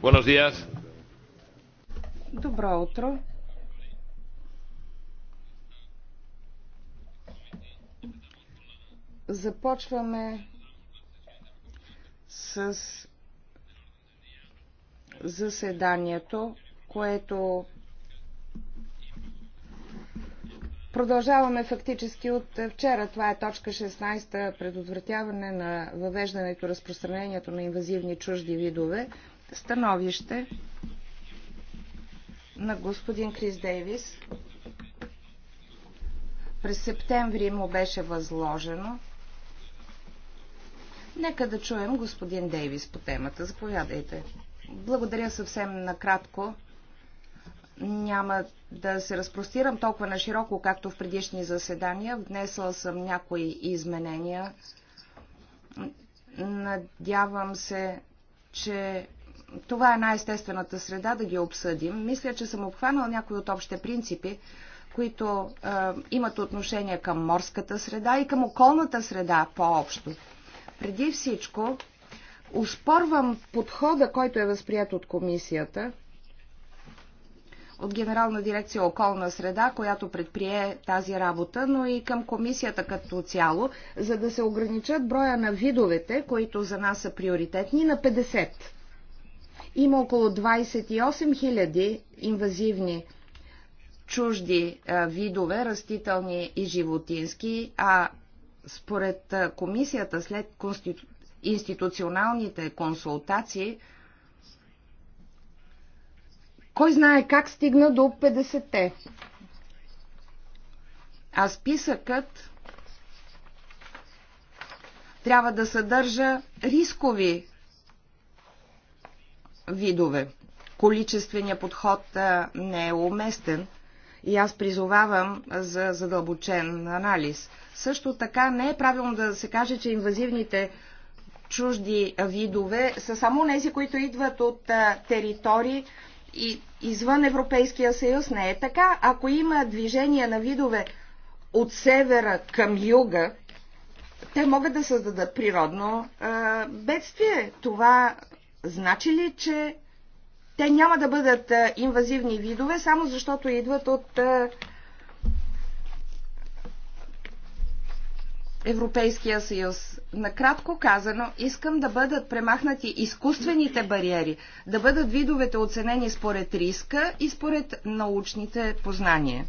Buenos días. Добро утро. Започваме с заседанието, което Продължаваме фактически от вчера. Това е точка 16. Предотвратяване на въвеждането, и разпространението на инвазивни чужди видове. Становище на господин Крис Дейвис. През септември му беше възложено. Нека да чуем господин Дейвис по темата. Заповядайте. Благодаря съвсем накратко. Няма да се разпростирам толкова на широко, както в предишни заседания. внесъл съм някои изменения. Надявам се, че това е най-естествената среда да ги обсъдим. Мисля, че съм обхванала някои от общите принципи, които е, имат отношение към морската среда и към околната среда по-общо. Преди всичко, успорвам подхода, който е възприят от комисията, от Генерална дирекция околна среда, която предприе тази работа, но и към комисията като цяло, за да се ограничат броя на видовете, които за нас са приоритетни, на 50. Има около 28 000 инвазивни чужди видове, растителни и животински, а според комисията след конститу... институционалните консултации, кой знае как стигна до 50-те. А списъкът трябва да съдържа рискови видове. Количественият подход не е уместен и аз призовавам за задълбочен анализ. Също така не е правилно да се каже, че инвазивните чужди видове са само тези, които идват от територии и извън Европейския съюз. Не е така. Ако има движение на видове от севера към юга, те могат да създадат природно а, бедствие. Това значи ли, че те няма да бъдат инвазивни видове, само защото идват от Европейския съюз. Накратко казано, искам да бъдат премахнати изкуствените бариери, да бъдат видовете оценени според риска и според научните познания.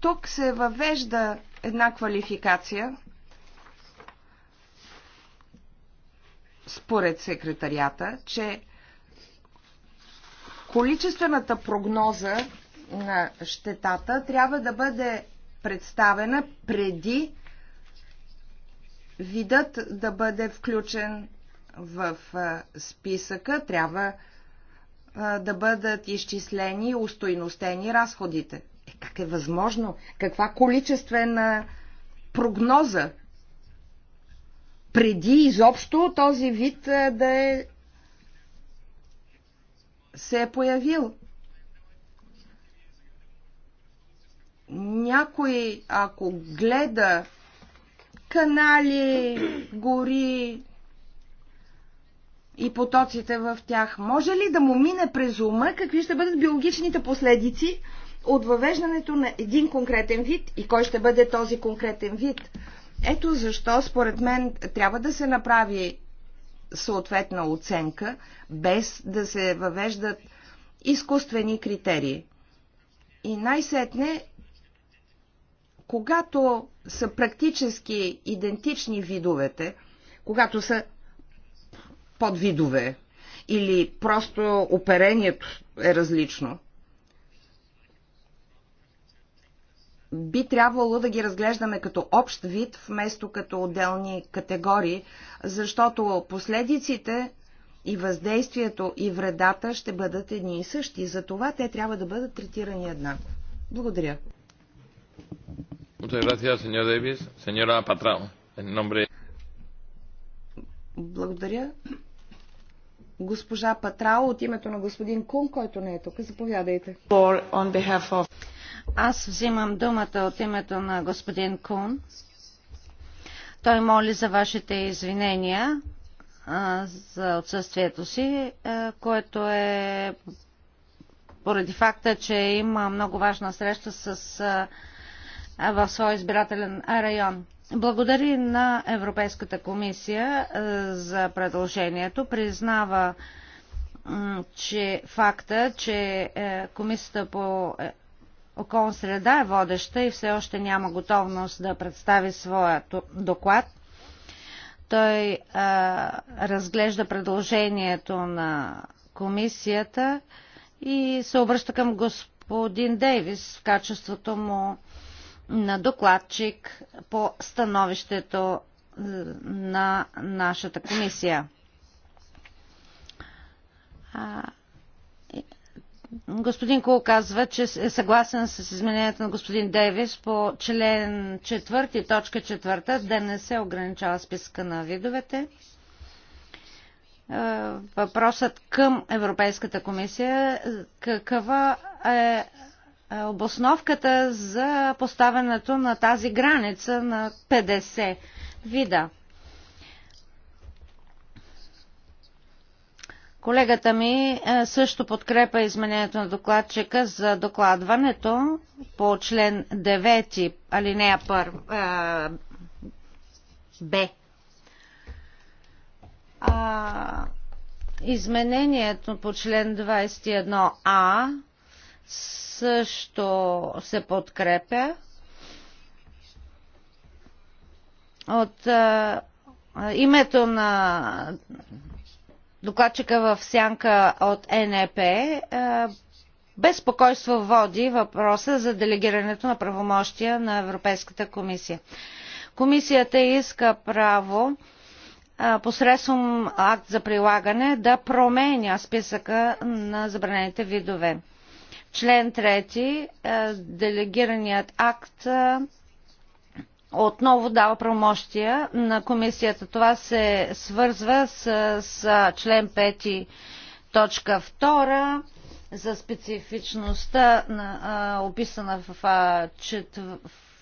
Тук се въвежда една квалификация, според секретарията, че количествената прогноза на щетата трябва да бъде представена преди видът да бъде включен в списъка, трябва да бъдат изчислени и устойностени разходите. Е, как е възможно? Каква количествена прогноза преди изобщо този вид да е се е появил. Някой, ако гледа канали, гори и потоците в тях, може ли да му мине през ума какви ще бъдат биологичните последици от въвеждането на един конкретен вид и кой ще бъде този конкретен вид? Ето защо, според мен, трябва да се направи съответна оценка, без да се въвеждат изкуствени критерии. И най-сетне, когато са практически идентични видовете, когато са подвидове или просто оперението е различно – би трябвало да ги разглеждаме като общ вид, вместо като отделни категории, защото последиците и въздействието и вредата ще бъдат едни и същи. Затова те трябва да бъдат третирани еднакво. Благодаря. Благодаря. Госпожа Патрао от името на господин Кун, който не е тук. Заповядайте. Аз взимам думата от името на господин Кун. Той моли за вашите извинения за отсъствието си, което е поради факта, че има много важна среща с, в своя избирателен район. Благодари на Европейската комисия за предложението. Признава че факта, че е, Комисията по е, околна среда е водеща и все още няма готовност да представи своя доклад. Той а, разглежда предложението на комисията и се обръща към господин Дейвис в качеството му на докладчик по становището на нашата комисия. Господин Кул казва, че е съгласен с изменението на господин Дейвис по член 4, точка 4, да не се ограничава списка на видовете. Е, въпросът към Европейската комисия каква е, е обосновката за поставянето на тази граница на 50 вида. Колегата ми е, също подкрепа изменението на докладчика за докладването по член 9, алинея 1, е, Б. Изменението по член 21А също се подкрепя от а, е, името на докладчика в сянка от НЕП, е, безпокойство води въпроса за делегирането на правомощия на Европейската комисия. Комисията иска право посредством акт за прилагане да променя списъка на забранените видове. Член 3. Е, делегираният акт е, отново дава правомощия на комисията. Това се свързва с, с член 5 точка 2 за специфичността на, а, описана в, а, чет,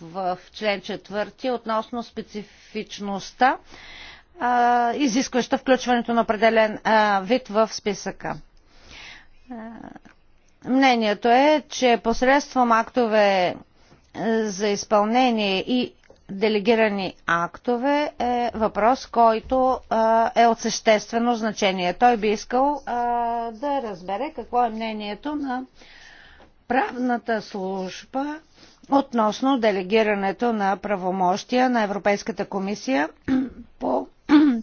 в, в член 4 относно специфичността, а, изискваща включването на определен а, вид в списъка. Мнението е, че посредством актове за изпълнение и делегирани актове е въпрос, който е от съществено значение. Той би искал да разбере какво е мнението на правната служба относно делегирането на правомощия на Европейската комисия по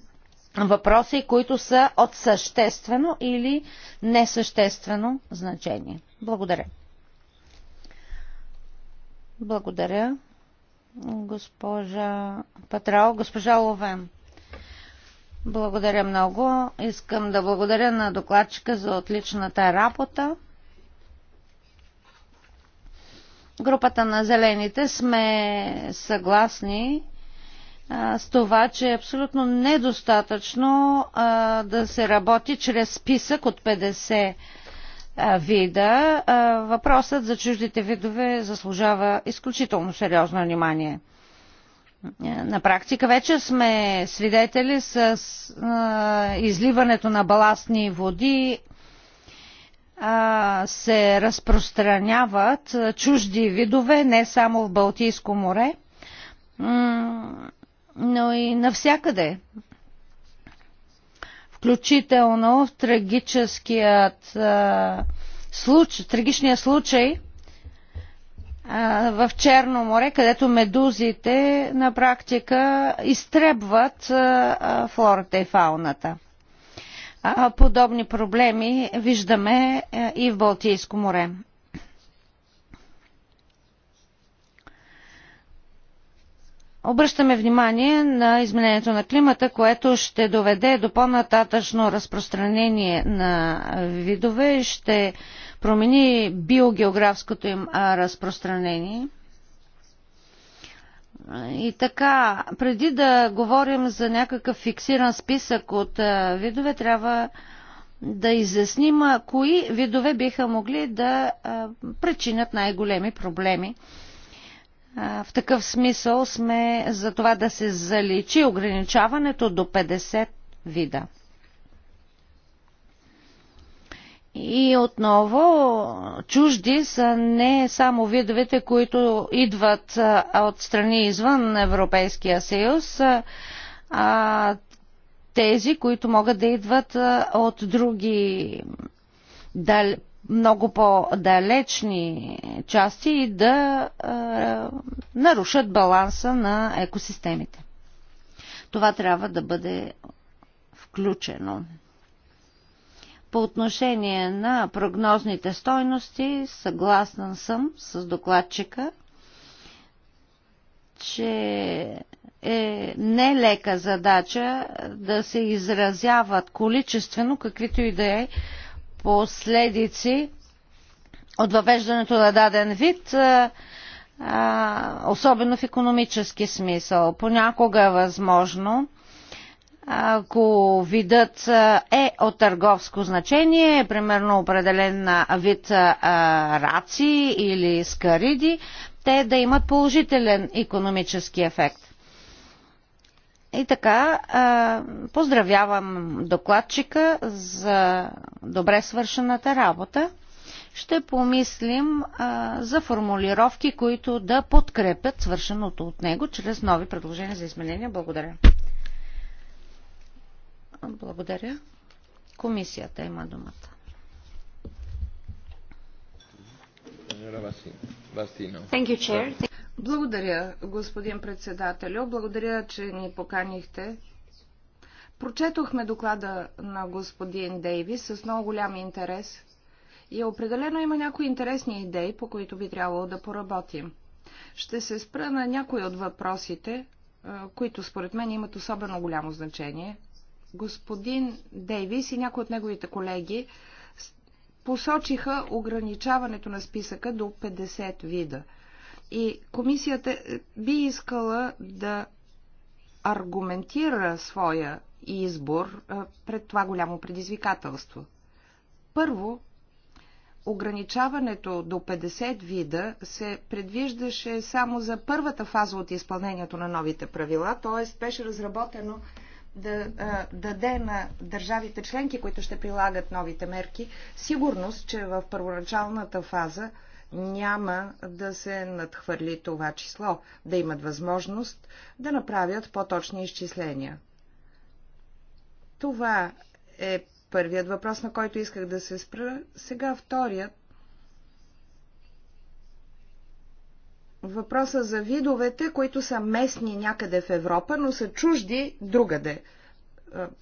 въпроси, които са от съществено или несъществено значение. Благодаря. Благодаря госпожа Патрао, госпожа Ловен. Благодаря много. Искам да благодаря на докладчика за отличната работа. Групата на зелените сме съгласни с това, че е абсолютно недостатъчно да се работи чрез списък от 50 вида, въпросът за чуждите видове заслужава изключително сериозно внимание. Е, на практика вече сме свидетели с изливането на баластни води се разпространяват чужди видове, не само в Балтийско море, но и навсякъде включително в трагическият а, случай, трагичния случай а, в Черно море, където медузите на практика изтребват а, флората и фауната. Подобни проблеми виждаме и в Балтийско море. Обръщаме внимание на изменението на климата, което ще доведе до по-нататъчно разпространение на видове, ще промени биогеографското им разпространение. И така, преди да говорим за някакъв фиксиран списък от видове, трябва да изясним кои видове биха могли да причинят най-големи проблеми в такъв смисъл сме за това да се заличи ограничаването до 50 вида. И отново чужди са не само видовете, които идват от страни извън Европейския съюз, а тези, които могат да идват от други много по-далечни части и да е, нарушат баланса на екосистемите. Това трябва да бъде включено. По отношение на прогнозните стойности, съгласна съм с докладчика, че е нелека задача да се изразяват количествено каквито и да е последици от въвеждането на даден вид, особено в економически смисъл. Понякога е възможно, ако видът е от търговско значение, е примерно определен вид раци или скариди, те да имат положителен економически ефект. И така, поздравявам докладчика за добре свършената работа. Ще помислим за формулировки, които да подкрепят свършеното от него чрез нови предложения за изменения. Благодаря. Благодаря. Комисията има думата. Благодаря, господин председателю. Благодаря, че ни поканихте. Прочетохме доклада на господин Дейвис с много голям интерес и определено има някои интересни идеи, по които би трябвало да поработим. Ще се спра на някои от въпросите, които според мен имат особено голямо значение. Господин Дейвис и някои от неговите колеги посочиха ограничаването на списъка до 50 вида – и комисията е, би искала да аргументира своя избор е, пред това голямо предизвикателство. Първо, ограничаването до 50 вида се предвиждаше само за първата фаза от изпълнението на новите правила, т.е. беше разработено да е, даде на държавите членки, които ще прилагат новите мерки, сигурност, че в първоначалната фаза няма да се надхвърли това число, да имат възможност да направят по-точни изчисления. Това е първият въпрос, на който исках да се спра. Сега вторият. Въпроса за видовете, които са местни някъде в Европа, но са чужди другаде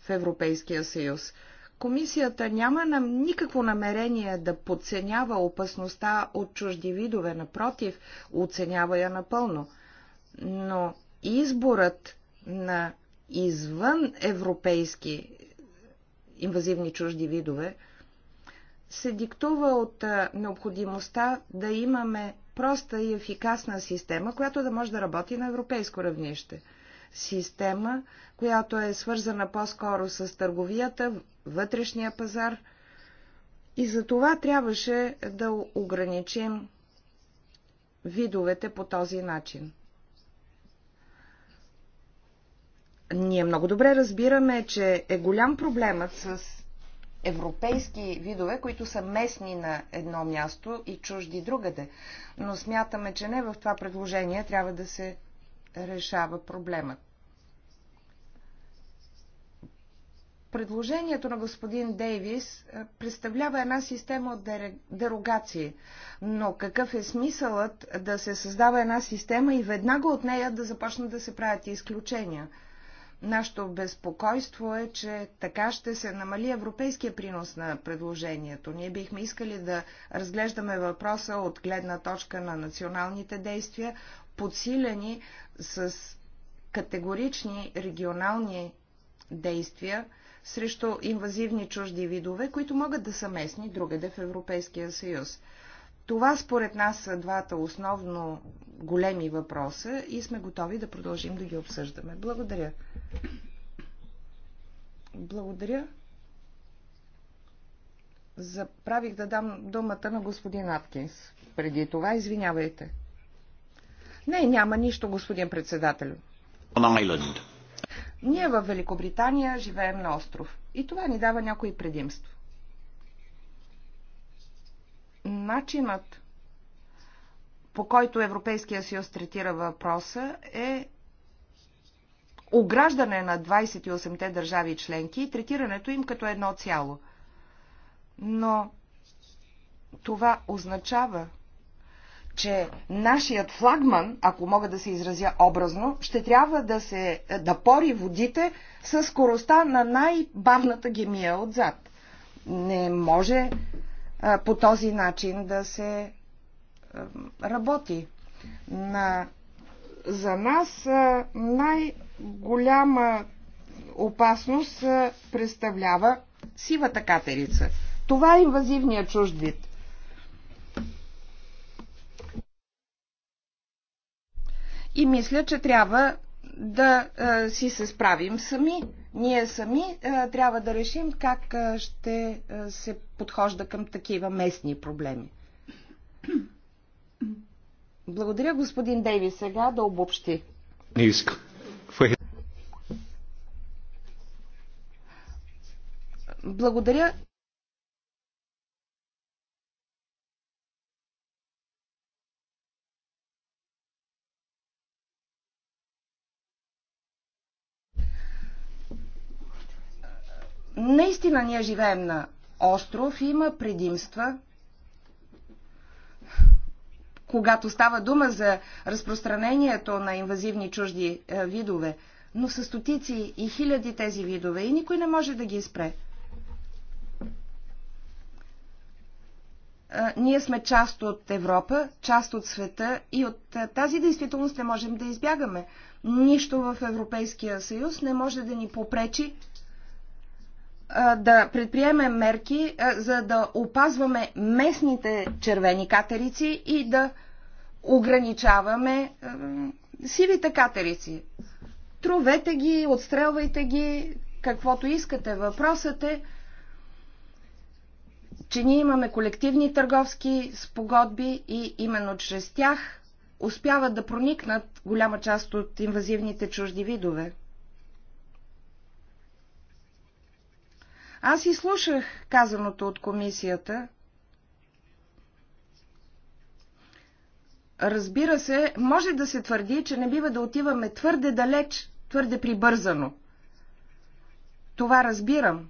в Европейския съюз. Комисията няма нам никакво намерение да подценява опасността от чужди видове, напротив, оценява я напълно. Но изборът на извън европейски инвазивни чужди видове се диктува от необходимостта да имаме проста и ефикасна система, която да може да работи на европейско равнище – система, която е свързана по-скоро с търговията, вътрешния пазар. И за това трябваше да ограничим видовете по този начин. Ние много добре разбираме, че е голям проблемът с европейски видове, които са местни на едно място и чужди другаде. Но смятаме, че не в това предложение трябва да се решава проблемът. Предложението на господин Дейвис е, представлява една система от дерогации, но какъв е смисълът да се създава една система и веднага от нея да започнат да се правят изключения – Нашето безпокойство е, че така ще се намали европейския принос на предложението. Ние бихме искали да разглеждаме въпроса от гледна точка на националните действия, подсилени с категорични регионални действия срещу инвазивни чужди видове, които могат да са местни другаде в Европейския съюз. Това според нас са двата основно големи въпроса и сме готови да продължим да ги обсъждаме. Благодаря. Благодаря. Заправих да дам думата на господин Аткинс. Преди това, извинявайте. Не, няма нищо, господин председател. Ние в Великобритания живеем на остров. И това ни дава някои предимства начинът по който Европейския съюз третира въпроса е ограждане на 28-те държави членки и третирането им като едно цяло. Но това означава, че нашият флагман, ако мога да се изразя образно, ще трябва да, се, да пори водите с скоростта на най-бавната гемия отзад. Не може по този начин да се работи. На, за нас най-голяма опасност представлява сивата катерица. Това е инвазивният чужд вид. И мисля, че трябва да а, си се справим сами. Ние сами а, трябва да решим как а, ще а, се подхожда към такива местни проблеми. Благодаря, господин Дейви, сега да обобщи. Не искам. Благодаря Наистина ние живеем на остров и има предимства, когато става дума за разпространението на инвазивни чужди е, видове, но са стотици и хиляди тези видове и никой не може да ги спре. Е, ние сме част от Европа, част от света и от е, тази действителност не можем да избягаме. Нищо в Европейския съюз не може да ни попречи да предприемем мерки, за да опазваме местните червени катерици и да ограничаваме сивите катерици. Тровете ги, отстрелвайте ги, каквото искате. Въпросът е, че ние имаме колективни търговски спогодби и именно чрез тях успяват да проникнат голяма част от инвазивните чужди видове. Аз и слушах казаното от комисията. Разбира се, може да се твърди, че не бива да отиваме твърде далеч, твърде прибързано. Това разбирам.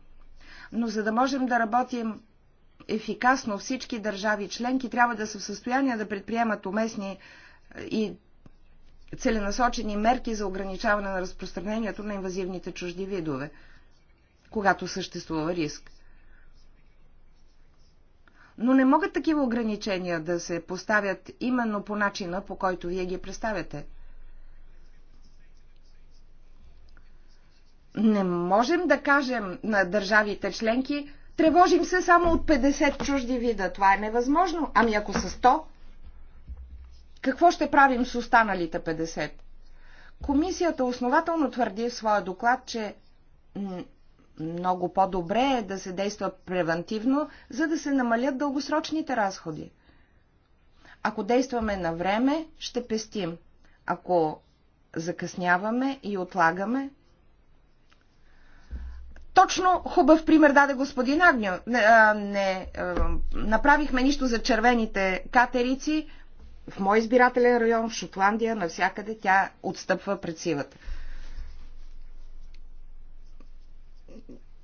Но за да можем да работим ефикасно всички държави членки трябва да са в състояние да предприемат уместни е, и целенасочени мерки за ограничаване на разпространението на инвазивните чужди видове когато съществува риск. Но не могат такива ограничения да се поставят именно по начина, по който вие ги представяте. Не можем да кажем на държавите членки, тревожим се само от 50 чужди вида, това е невъзможно. Ами ако са 100, какво ще правим с останалите 50? Комисията основателно твърди в своя доклад, че много по-добре е да се действа превентивно, за да се намалят дългосрочните разходи. Ако действаме на време, ще пестим. Ако закъсняваме и отлагаме, точно хубав пример даде господин Агньо. Не, а, не а, направихме нищо за червените катерици. В мой избирателен район, в Шотландия, навсякъде тя отстъпва пред сивата.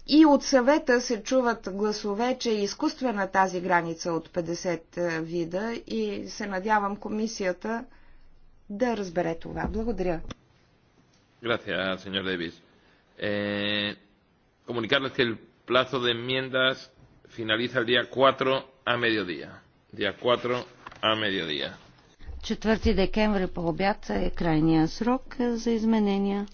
И от съвета се чуват гласове, че е изкуствена тази граница от 50 е, вида и се надявам комисията да разбере това. Благодаря. Gracias, señor Davis. Eh, comunicarles que el plazo de enmiendas finaliza el día 4 a mediodía. Día 4 a mediodía. 4 декември по обяд е крайния срок е, за изменения.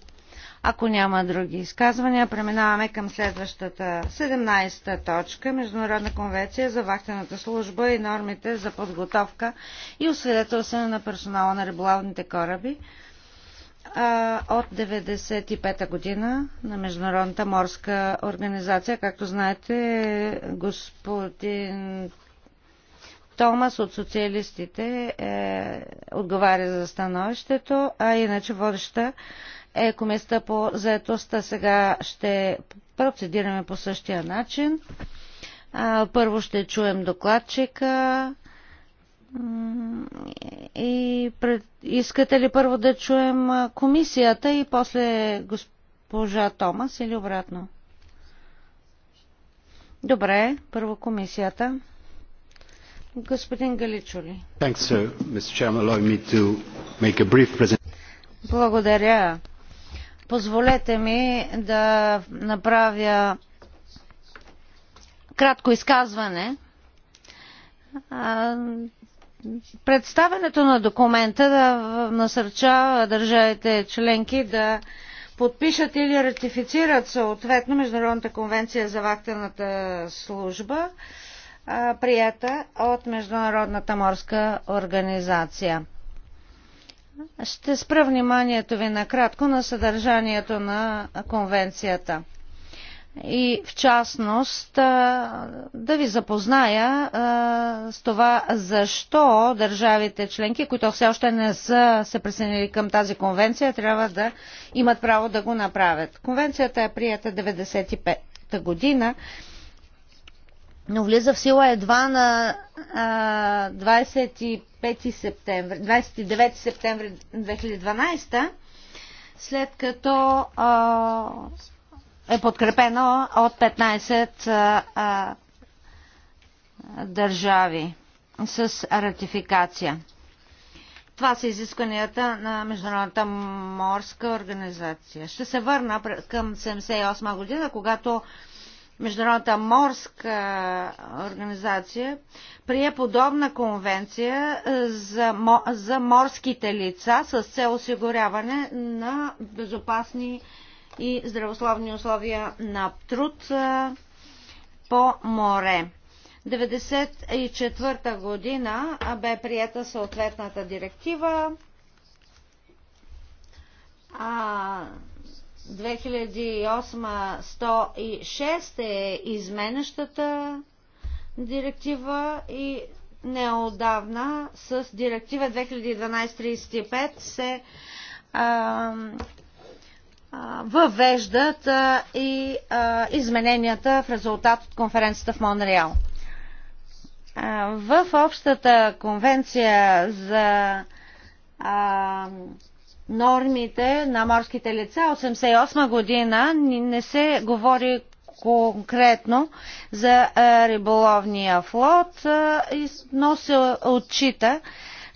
Ако няма други изказвания, преминаваме към следващата 17-та точка Международна конвенция за вахтената служба и нормите за подготовка и освидетелстване на персонала на риболовните кораби от 95 та година на Международната морска организация. Както знаете, господин Томас от социалистите е, отговаря за становището, а иначе водеща е Комисията по заедостта. Сега ще процедираме по същия начин. Първо ще чуем докладчика. И пред... искате ли първо да чуем комисията и после госпожа Томас или обратно? Добре, първо комисията. Господин Галичули. Благодаря, Позволете ми да направя кратко изказване. Представенето на документа да насърчава държавите членки да подпишат или ратифицират съответно Международната конвенция за вахтената служба, прията от Международната морска организация. Ще спра вниманието ви накратко на съдържанието на конвенцията. И в частност да ви запозная с това защо държавите членки, които все още не са се присъединили към тази конвенция, трябва да имат право да го направят. Конвенцията е прията 1995 година но влиза в сила едва на 25 5 септември, 29 септември 2012, след като а, е подкрепено от 15 а, а, държави с ратификация. Това са изискванията на Международната морска организация. Ще се върна към 1978 година, когато Международната морска организация прие подобна конвенция за, за морските лица с цел осигуряване на безопасни и здравословни условия на труд по море. 1994 година бе приета съответната директива. А, 2008-106 е изменещата директива и неодавна с директива 2012-35 се а, а, въвеждат а, и а, измененията в резултат от конференцията в Монреал. В общата конвенция за а, нормите на морските лица. От година не се говори конкретно за е, риболовния флот, е, но се отчита,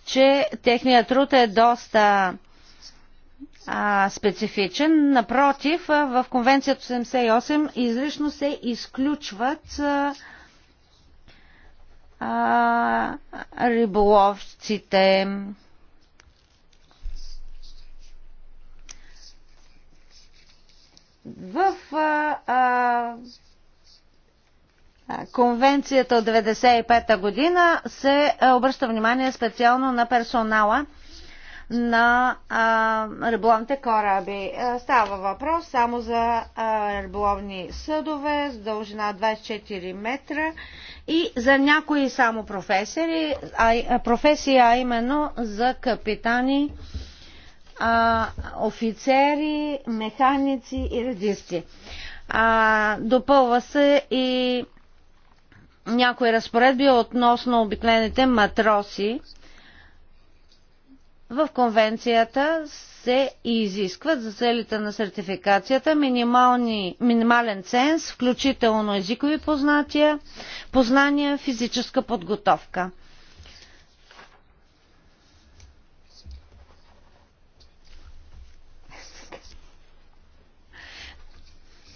че техният труд е доста специфичен. Напротив, е, в Конвенцията 88 изрично се изключват риболовците. в а, а, конвенцията от 1995 година се обръща внимание специално на персонала на а, риболовните кораби. Става въпрос само за а, риболовни съдове с дължина 24 метра и за някои само а, професии, а именно за капитани, а, а, офицери, механици и радисти. А, допълва се и някои разпоредби относно обикновените матроси. В конвенцията се изискват за целите на сертификацията минимален ценз, включително езикови познания, познания, физическа подготовка.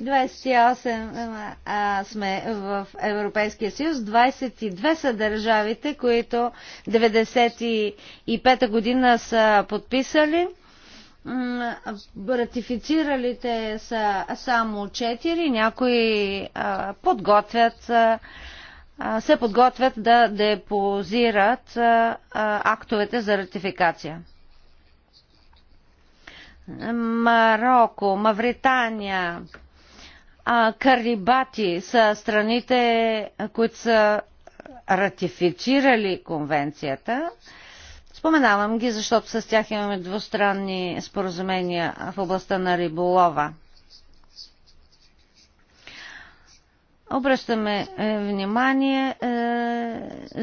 28 а, сме в Европейския съюз, 22 са държавите, които 95-та година са подписали. Ратифициралите са само 4, някои а, подготвят, а, се подготвят да депозират а, актовете за ратификация. Марокко, Мавритания, Карибати са страните, които са ратифицирали конвенцията. Споменавам ги, защото с тях имаме двустранни споразумения в областта на риболова. Обръщаме е, внимание е,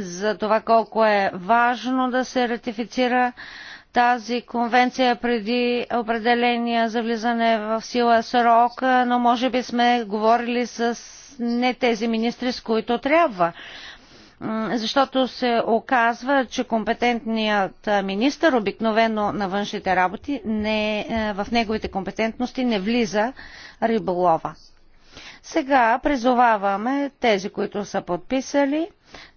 за това колко е важно да се ратифицира тази конвенция преди определения за влизане в сила срок, но може би сме говорили с не тези министри, с които трябва. Защото се оказва, че компетентният министр обикновено на външните работи не, е, в неговите компетентности не влиза риболова. Сега призоваваме тези, които са подписали,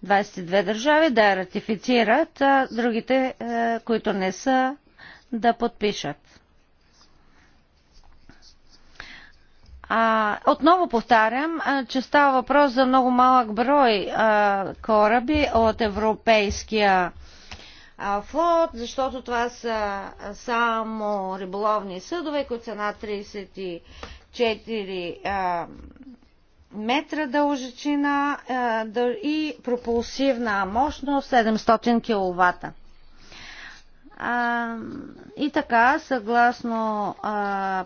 22 държави, да я ратифицират, а другите, е, които не са, да подпишат. А, отново повтарям, а, че става въпрос за много малък брой а, кораби от европейския а, флот, защото това са само риболовни съдове, които са над 30 4 метра дължина и пропулсивна мощност 700 кВт. и така, съгласно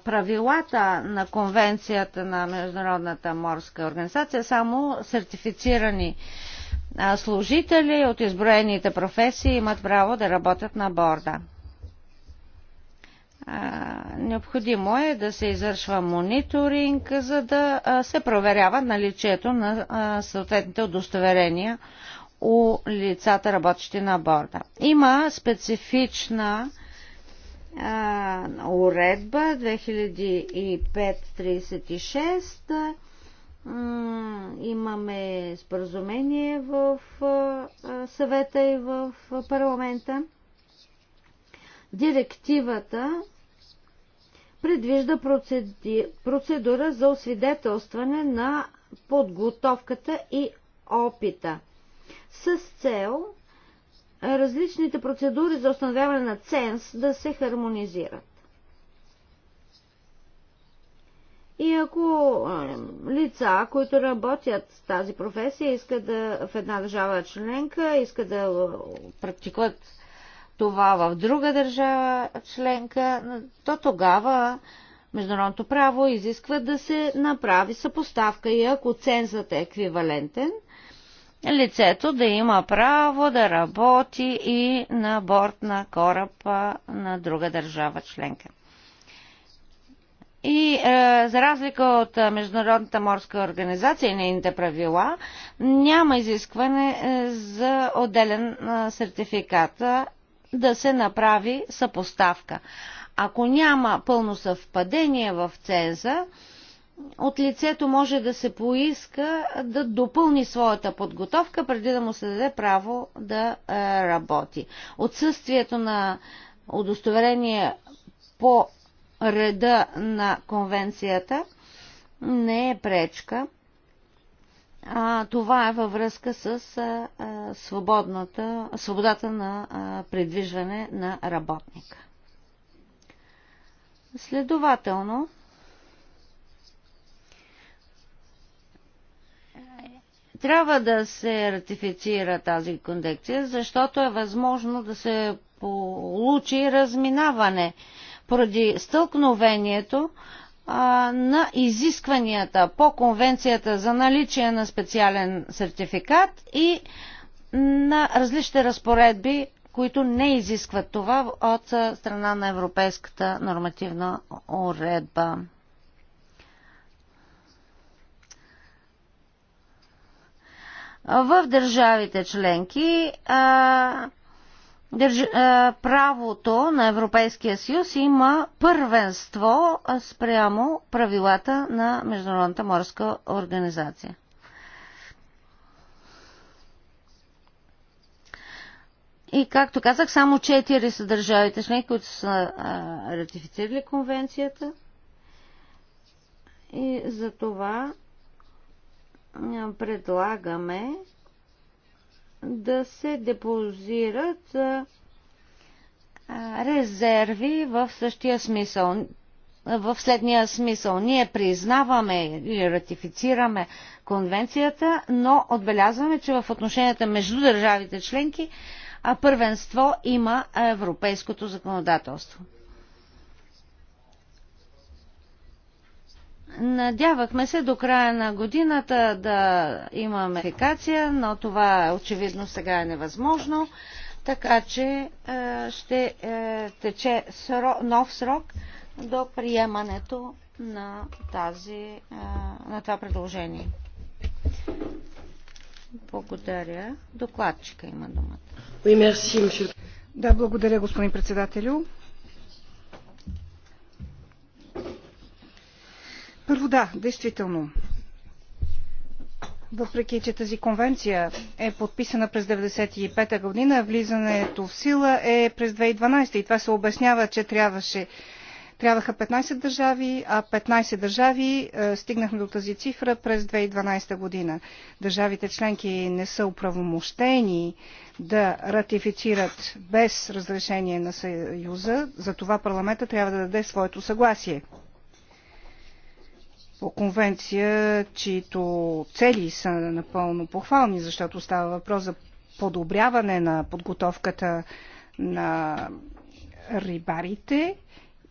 правилата на Конвенцията на Международната морска организация, само сертифицирани служители от изброените професии имат право да работят на борда необходимо е да се извършва мониторинг, за да се проверява наличието на съответните удостоверения у лицата, работещи на борда. Има специфична уредба 2005-36. Имаме споразумение в съвета и в парламента. Директивата предвижда процедура за освидетелстване на подготовката и опита с цел различните процедури за установяване на ценз да се хармонизират. И ако е, лица, които работят с тази професия, искат да в една държава членка, искат да е, практикуват това в друга държава членка, то тогава международното право изисква да се направи съпоставка и ако цензът е еквивалентен, лицето да има право да работи и на борт на кораба на друга държава членка. И е, за разлика от е, Международната морска организация и нейните правила, няма изискване е, за отделен е, сертификат да се направи съпоставка. Ако няма пълно съвпадение в ценза, от лицето може да се поиска да допълни своята подготовка, преди да му се даде право да е, работи. Отсъствието на удостоверение по реда на конвенцията не е пречка а, това е във връзка с а, свободната, свободата на а, предвижване на работника. Следователно, трябва да се ратифицира тази кондекция, защото е възможно да се получи разминаване поради стълкновението на изискванията по конвенцията за наличие на специален сертификат и на различни разпоредби, които не изискват това от страна на европейската нормативна уредба. В държавите членки а, Держ... правото на Европейския съюз има първенство спрямо правилата на Международната морска организация. И както казах, само 4 са държавите които са а, ратифицирали конвенцията. И за това предлагаме да се депозират резерви в същия смисъл. В следния смисъл, ние признаваме и ратифицираме конвенцията, но отбелязваме, че в отношенията между държавите членки първенство има европейското законодателство. Надявахме се до края на годината да имаме ефикация, но това очевидно сега е невъзможно, така че е, ще е, тече нов срок до приемането на, тази, е, на това предложение. Благодаря. Докладчика има думата. Да, благодаря, господин председателю. Първо да, действително. Въпреки, че тази конвенция е подписана през 1995 година, влизането в сила е през 2012 и това се обяснява, че трябваше трябваха 15 държави, а 15 държави е, стигнахме до тази цифра през 2012 година. Държавите членки не са управомощени да ратифицират без разрешение на Съюза, затова парламента трябва да даде своето съгласие конвенция, чието цели са напълно похвални, защото става въпрос за подобряване на подготовката на рибарите.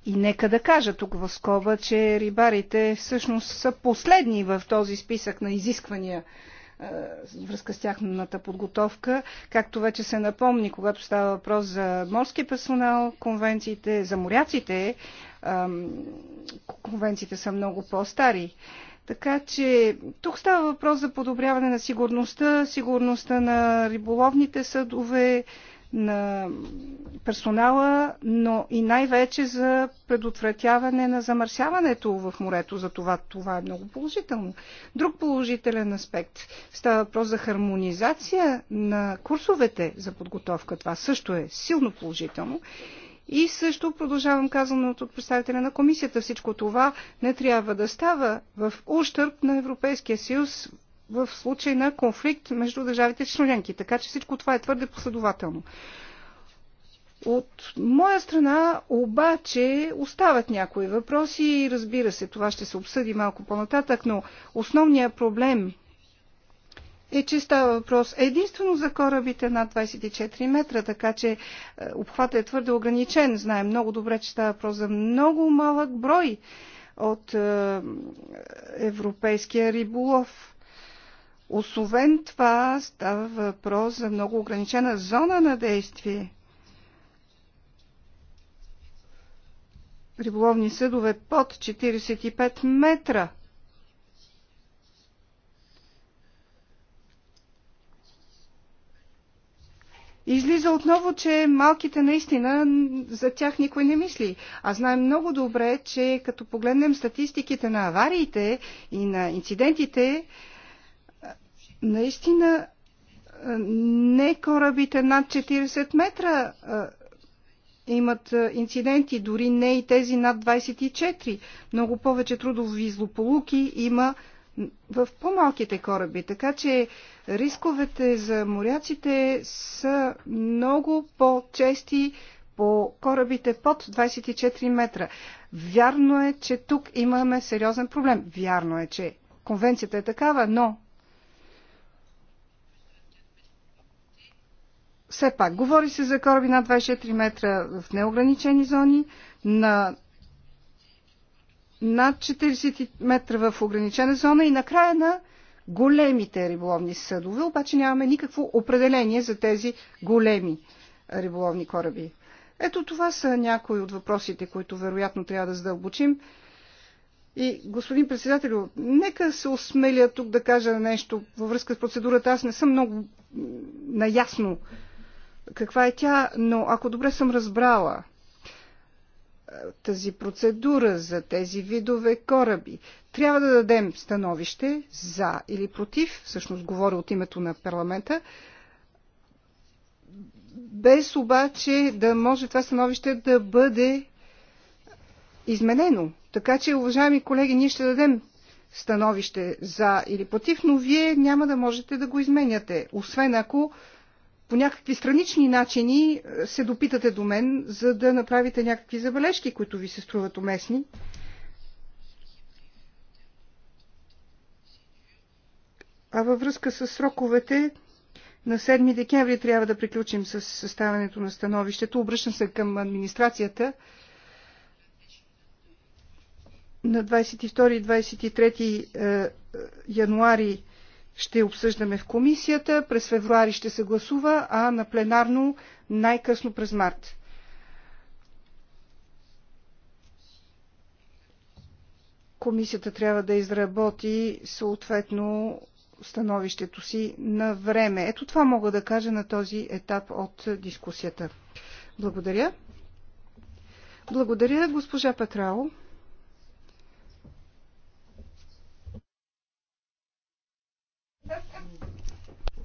И нека да кажа тук в скоба, че рибарите всъщност са последни в този списък на изисквания е, връзка с тяхната подготовка. Както вече се напомни, когато става въпрос за морски персонал, конвенциите, за моряците, конвенциите са много по-стари. Така че тук става въпрос за подобряване на сигурността, сигурността на риболовните съдове, на персонала, но и най-вече за предотвратяване на замърсяването в морето. За това това е много положително. Друг положителен аспект става въпрос за хармонизация на курсовете за подготовка. Това също е силно положително. И също продължавам казаното от представителя на комисията. Всичко това не трябва да става в ущърп на Европейския съюз в случай на конфликт между държавите членки. Така че всичко това е твърде последователно. От моя страна обаче остават някои въпроси и разбира се, това ще се обсъди малко по-нататък, но основният проблем е, че става въпрос единствено за корабите над 24 метра, така че е, обхватът е твърде ограничен. Знаем много добре, че става въпрос за много малък брой от е, европейския риболов. Освен това, става въпрос за много ограничена зона на действие. Риболовни съдове под 45 метра – Излиза отново, че малките наистина за тях никой не мисли. А знаем много добре, че като погледнем статистиките на авариите и на инцидентите, наистина не корабите над 40 метра имат инциденти, дори не и тези над 24. Много повече трудови злополуки има в по-малките кораби, така че рисковете за моряците са много по-чести по корабите под 24 метра. Вярно е, че тук имаме сериозен проблем. Вярно е, че конвенцията е такава, но все пак, говори се за кораби над 24 метра в неограничени зони, на над 40 метра в ограничена зона и накрая на големите риболовни съдове, обаче нямаме никакво определение за тези големи риболовни кораби. Ето това са някои от въпросите, които вероятно трябва да задълбочим. И, господин председател, нека се осмеля тук да кажа нещо във връзка с процедурата. Аз не съм много наясно каква е тя, но ако добре съм разбрала, тази процедура, за тези видове кораби. Трябва да дадем становище за или против, всъщност говоря от името на парламента, без обаче да може това становище да бъде изменено. Така че, уважаеми колеги, ние ще дадем становище за или против, но вие няма да можете да го изменяте, освен ако по някакви странични начини е, се допитате до мен, за да направите някакви забележки, които ви се струват уместни. А във връзка с сроковете, на 7 декември трябва да приключим с съставянето на становището. Обръщам се към администрацията. На 22 и 23 е, е, януари ще обсъждаме в комисията, през февруари ще се гласува, а на пленарно най-късно през март. Комисията трябва да изработи съответно становището си на време. Ето това мога да кажа на този етап от дискусията. Благодаря. Благодаря, госпожа Петрао.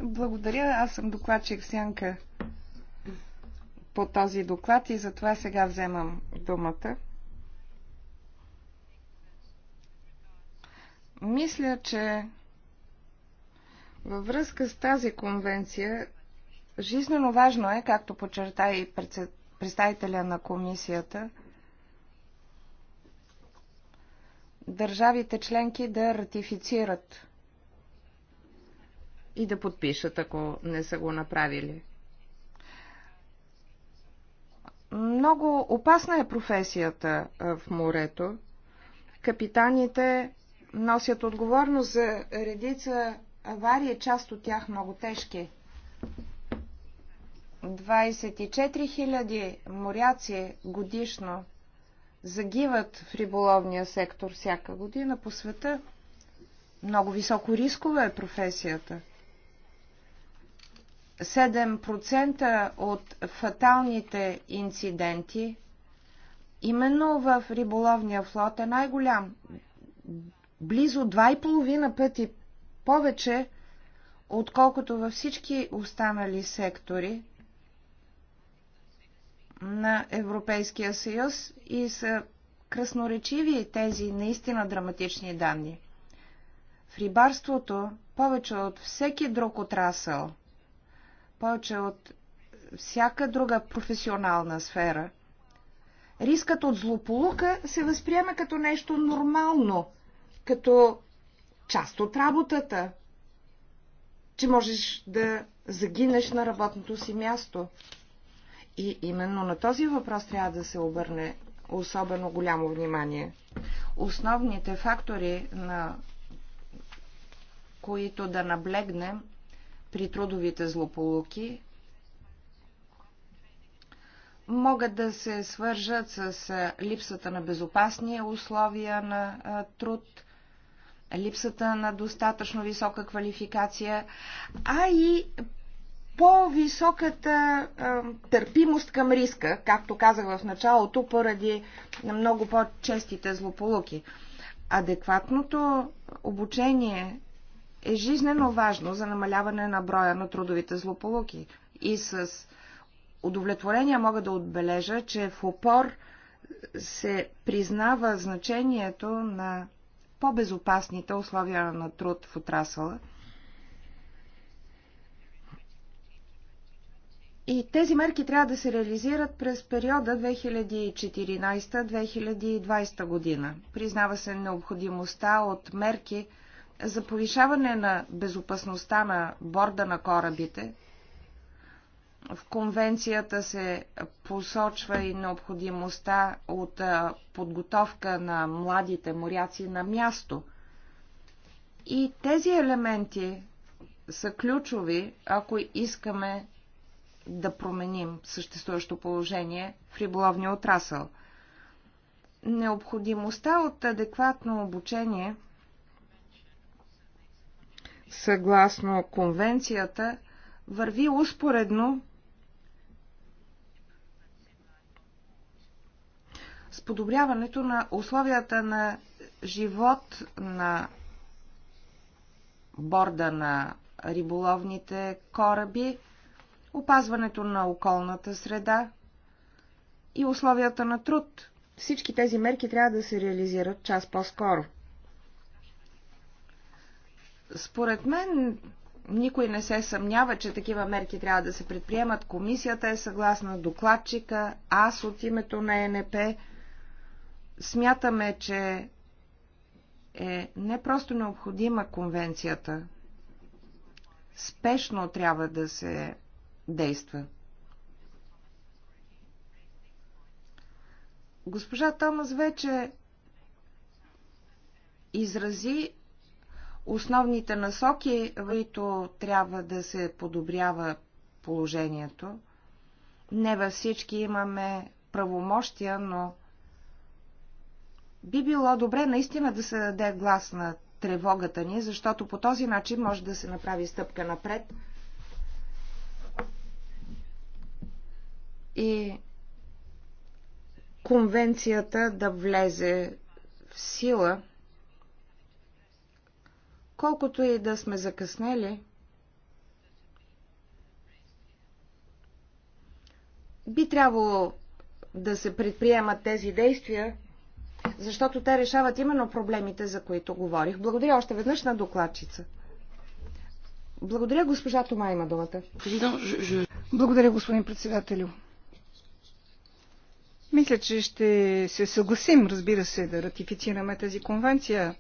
Благодаря. Аз съм докладчик Сянка по този доклад и затова сега вземам думата. Мисля, че във връзка с тази конвенция жизненно важно е, както подчерта и представителя на комисията, държавите членки да ратифицират и да подпишат, ако не са го направили. Много опасна е професията в морето. Капитаните носят отговорност за редица аварии, част от тях много тежки. 24 000 моряци годишно загиват в риболовния сектор всяка година по света. Много високо рискова е професията. 7% от фаталните инциденти именно в риболовния флот е най-голям. Близо 2,5 пъти повече, отколкото във всички останали сектори на Европейския съюз и са красноречиви тези наистина драматични данни. В рибарството повече от всеки друг отрасъл – повече от всяка друга професионална сфера, рискът от злополука се възприема като нещо нормално, като част от работата, че можеш да загинеш на работното си място. И именно на този въпрос трябва да се обърне особено голямо внимание. Основните фактори, на които да наблегнем, при трудовите злополуки могат да се свържат с липсата на безопасни условия на труд, липсата на достатъчно висока квалификация, а и по-високата търпимост към риска, както казах в началото, поради много по-честите злополуки. Адекватното обучение е жизнено важно за намаляване на броя на трудовите злополуки. И с удовлетворение мога да отбележа, че в опор се признава значението на по-безопасните условия на труд в отрасъла. И тези мерки трябва да се реализират през периода 2014-2020 година. Признава се необходимостта от мерки за повишаване на безопасността на борда на корабите. В конвенцията се посочва и необходимостта от подготовка на младите моряци на място. И тези елементи са ключови, ако искаме да променим съществуващо положение в риболовния отрасъл. Необходимостта от адекватно обучение – съгласно конвенцията, върви успоредно с подобряването на условията на живот на борда на риболовните кораби, опазването на околната среда и условията на труд. Всички тези мерки трябва да се реализират час по-скоро. Според мен никой не се съмнява, че такива мерки трябва да се предприемат. Комисията е съгласна, докладчика, аз от името на ЕНП. Смятаме, че е не просто необходима конвенцията, спешно трябва да се действа. Госпожа Томас вече изрази основните насоки, в които трябва да се подобрява положението. Не във всички имаме правомощия, но би било добре наистина да се даде глас на тревогата ни, защото по този начин може да се направи стъпка напред. И конвенцията да влезе в сила – Колкото и да сме закъснели, би трябвало да се предприемат тези действия, защото те решават именно проблемите, за които говорих. Благодаря още веднъж на докладчица. Благодаря, госпожа Тома има думата. Благодаря, господин председателю. Мисля, че ще се съгласим, разбира се, да ратифицираме тази конвенция.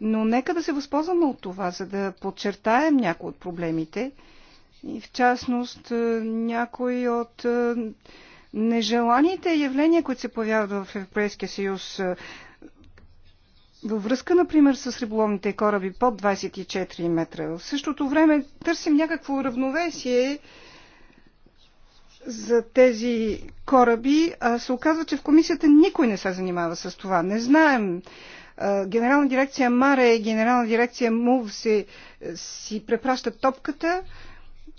Но нека да се възползваме от това, за да подчертаем някои от проблемите и в частност е, някои от е, нежеланите явления, които се появяват в Европейския съюз е, във връзка, например, с риболовните кораби под 24 метра. В същото време търсим някакво равновесие за тези кораби, а се оказва, че в комисията никой не се занимава с това. Не знаем Генерална дирекция Маре и Генерална дирекция МУВ си, е, си препращат топката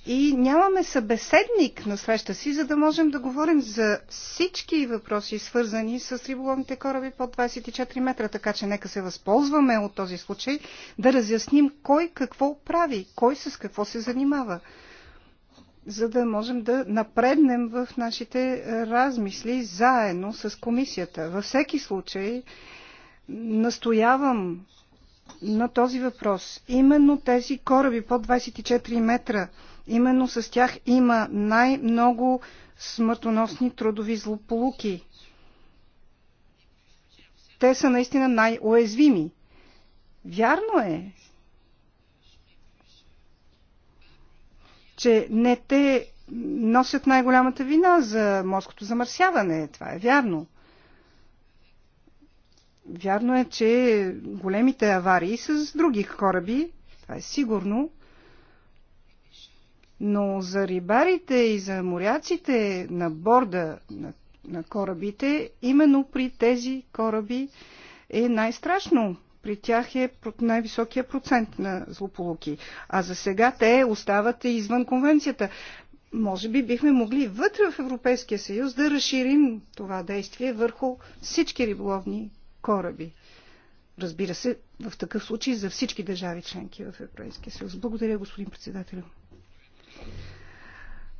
и нямаме събеседник на среща си, за да можем да говорим за всички въпроси, свързани с риболовните кораби под 24 метра. Така че нека се възползваме от този случай да разясним кой какво прави, кой с какво се занимава, за да можем да напреднем в нашите размисли заедно с комисията. Във всеки случай настоявам на този въпрос. Именно тези кораби под 24 метра, именно с тях има най-много смъртоносни трудови злополуки. Те са наистина най-уязвими. Вярно е, че не те носят най-голямата вина за морското замърсяване. Това е вярно. Вярно е, че големите аварии са с други кораби, това е сигурно, но за рибарите и за моряците на борда на, на корабите, именно при тези кораби е най-страшно. При тях е най-високия процент на злополуки. А за сега те остават извън конвенцията. Може би бихме могли вътре в Европейския съюз да разширим това действие върху всички риболовни кораби. Разбира се, в такъв случай за всички държави членки в Европейския съюз. Благодаря, господин председател.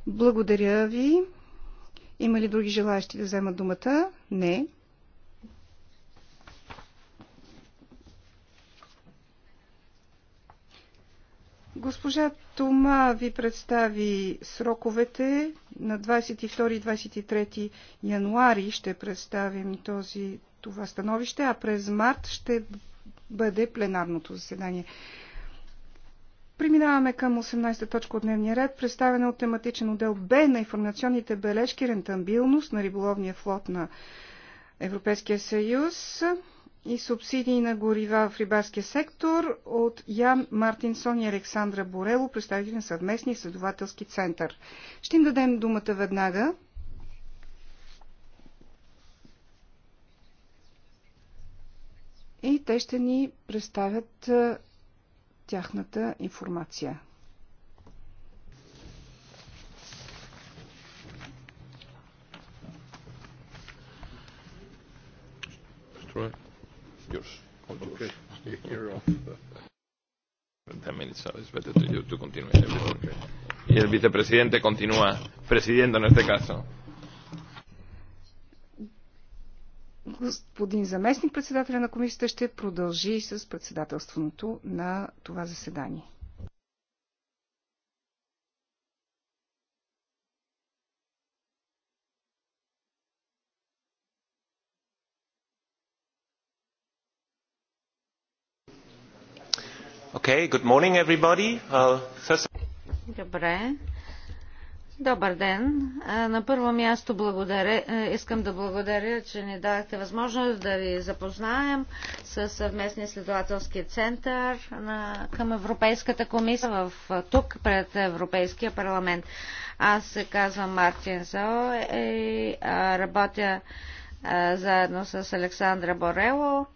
Благодаря ви. Има ли други желаящи да вземат думата? Не. Госпожа Тома ви представи сроковете. На 22 и 23 януари ще представим този това становище, а през март ще бъде пленарното заседание. Преминаваме към 18-та точка от дневния ред, представена от тематичен отдел Б на информационните бележки рентабилност на риболовния флот на Европейския съюз и субсидии на горива в рибарския сектор от Ян Мартинсон и Александра Борело, представители на съвместния изследователски център. Ще им дадем думата веднага. и те ще ни представят тяхната информация. Y el vicepresidente continúa presidiendo en este caso. господин заместник председателя на комисията ще продължи с председателството на това заседание. Okay, good morning everybody. Uh, first... Добре. Добър ден. На първо място благодаря, е, искам да благодаря, че ни дадахте възможност да ви запознаем с съвместния следователски център на, към Европейската комисия в, тук пред Европейския парламент. Аз се казвам Мартин Зао е, е, и работя а, заедно с Александра Борело.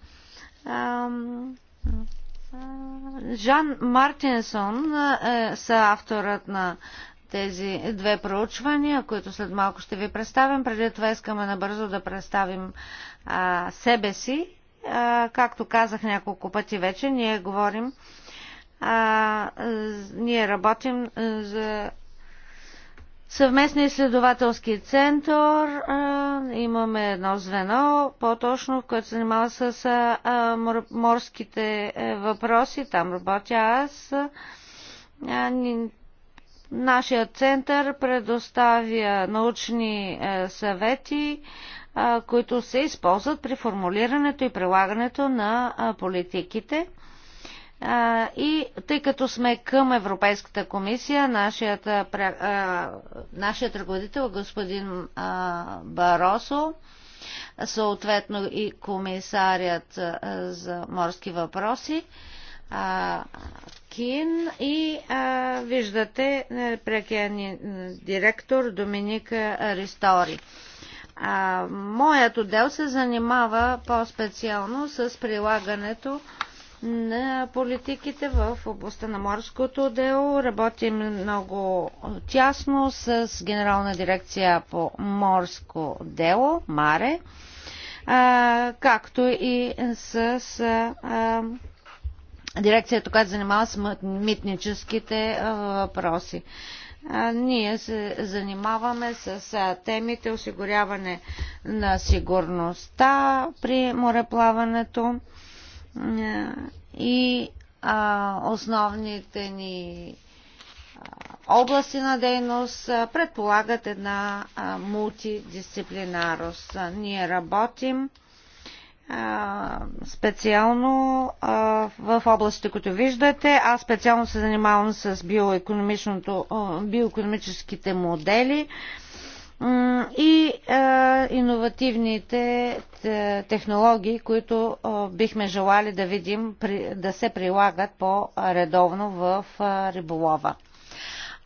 Жан Мартинсон е, са авторът на тези две проучвания, които след малко ще ви представим. Преди това искаме набързо да представим а, себе си. А, както казах няколко пъти вече, ние говорим, а, ние работим за съвместния изследователски център. А, имаме едно звено, по-точно, в което се занимава с а, мор, морските е, въпроси. Там работя аз. А, Нашия център предоставя научни е, съвети, е, които се използват при формулирането и прилагането на е, политиките. И тъй като сме към Европейската комисия, нашият, нашият ръководител господин Баросо, съответно и комисарят за морски въпроси, Кин и а, виждате е, прекия ни е, директор Доминика Ристори. А, моят отдел се занимава по-специално с прилагането на политиките в областта на морското дело. Работим много тясно с Генерална дирекция по морско дело, МАРЕ, а, както и с а, дирекцията, която занимава с митническите въпроси. Ние се занимаваме с темите осигуряване на сигурността при мореплаването и основните ни области на дейност предполагат една мултидисциплинарост. Ние работим специално в областите, които виждате. Аз специално се занимавам с биоекономическите модели и иновативните технологии, които бихме желали да видим да се прилагат по-редовно в риболова.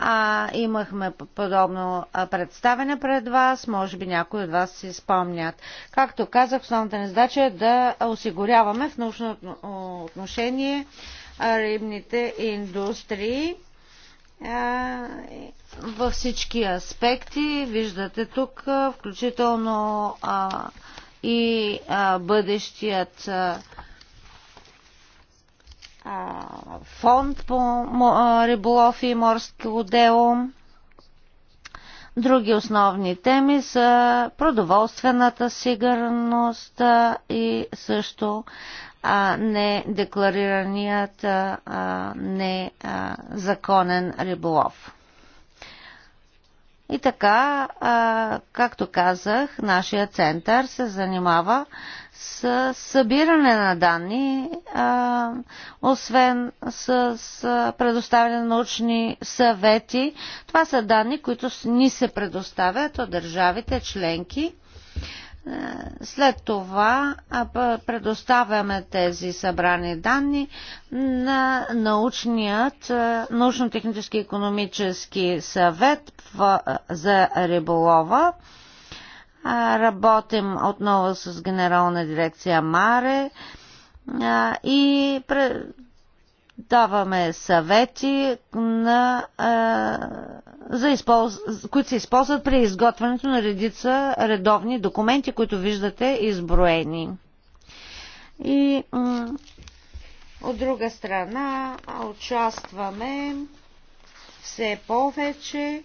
А, имахме подобно представене пред вас, може би някои от вас си спомнят. Както казах, основната ни задача е да осигуряваме в научно отношение рибните индустрии във всички аспекти. Виждате тук, включително и бъдещият фонд по риболов и морски отдел, Други основни теми са продоволствената сигурност и също а, недекларираният а, незаконен риболов. И така, а, както казах, нашия център се занимава с събиране на данни, а, освен с, с предоставяне на научни съвети. Това са данни, които ни се предоставят от държавите членки. След това предоставяме тези събрани данни на научният, научно-технически и економически съвет за риболова. Работим отново с генерална дирекция Маре и даваме съвети, на, а, за използ... които се използват при изготвянето на редица редовни документи, които виждате изброени. И от друга страна участваме все повече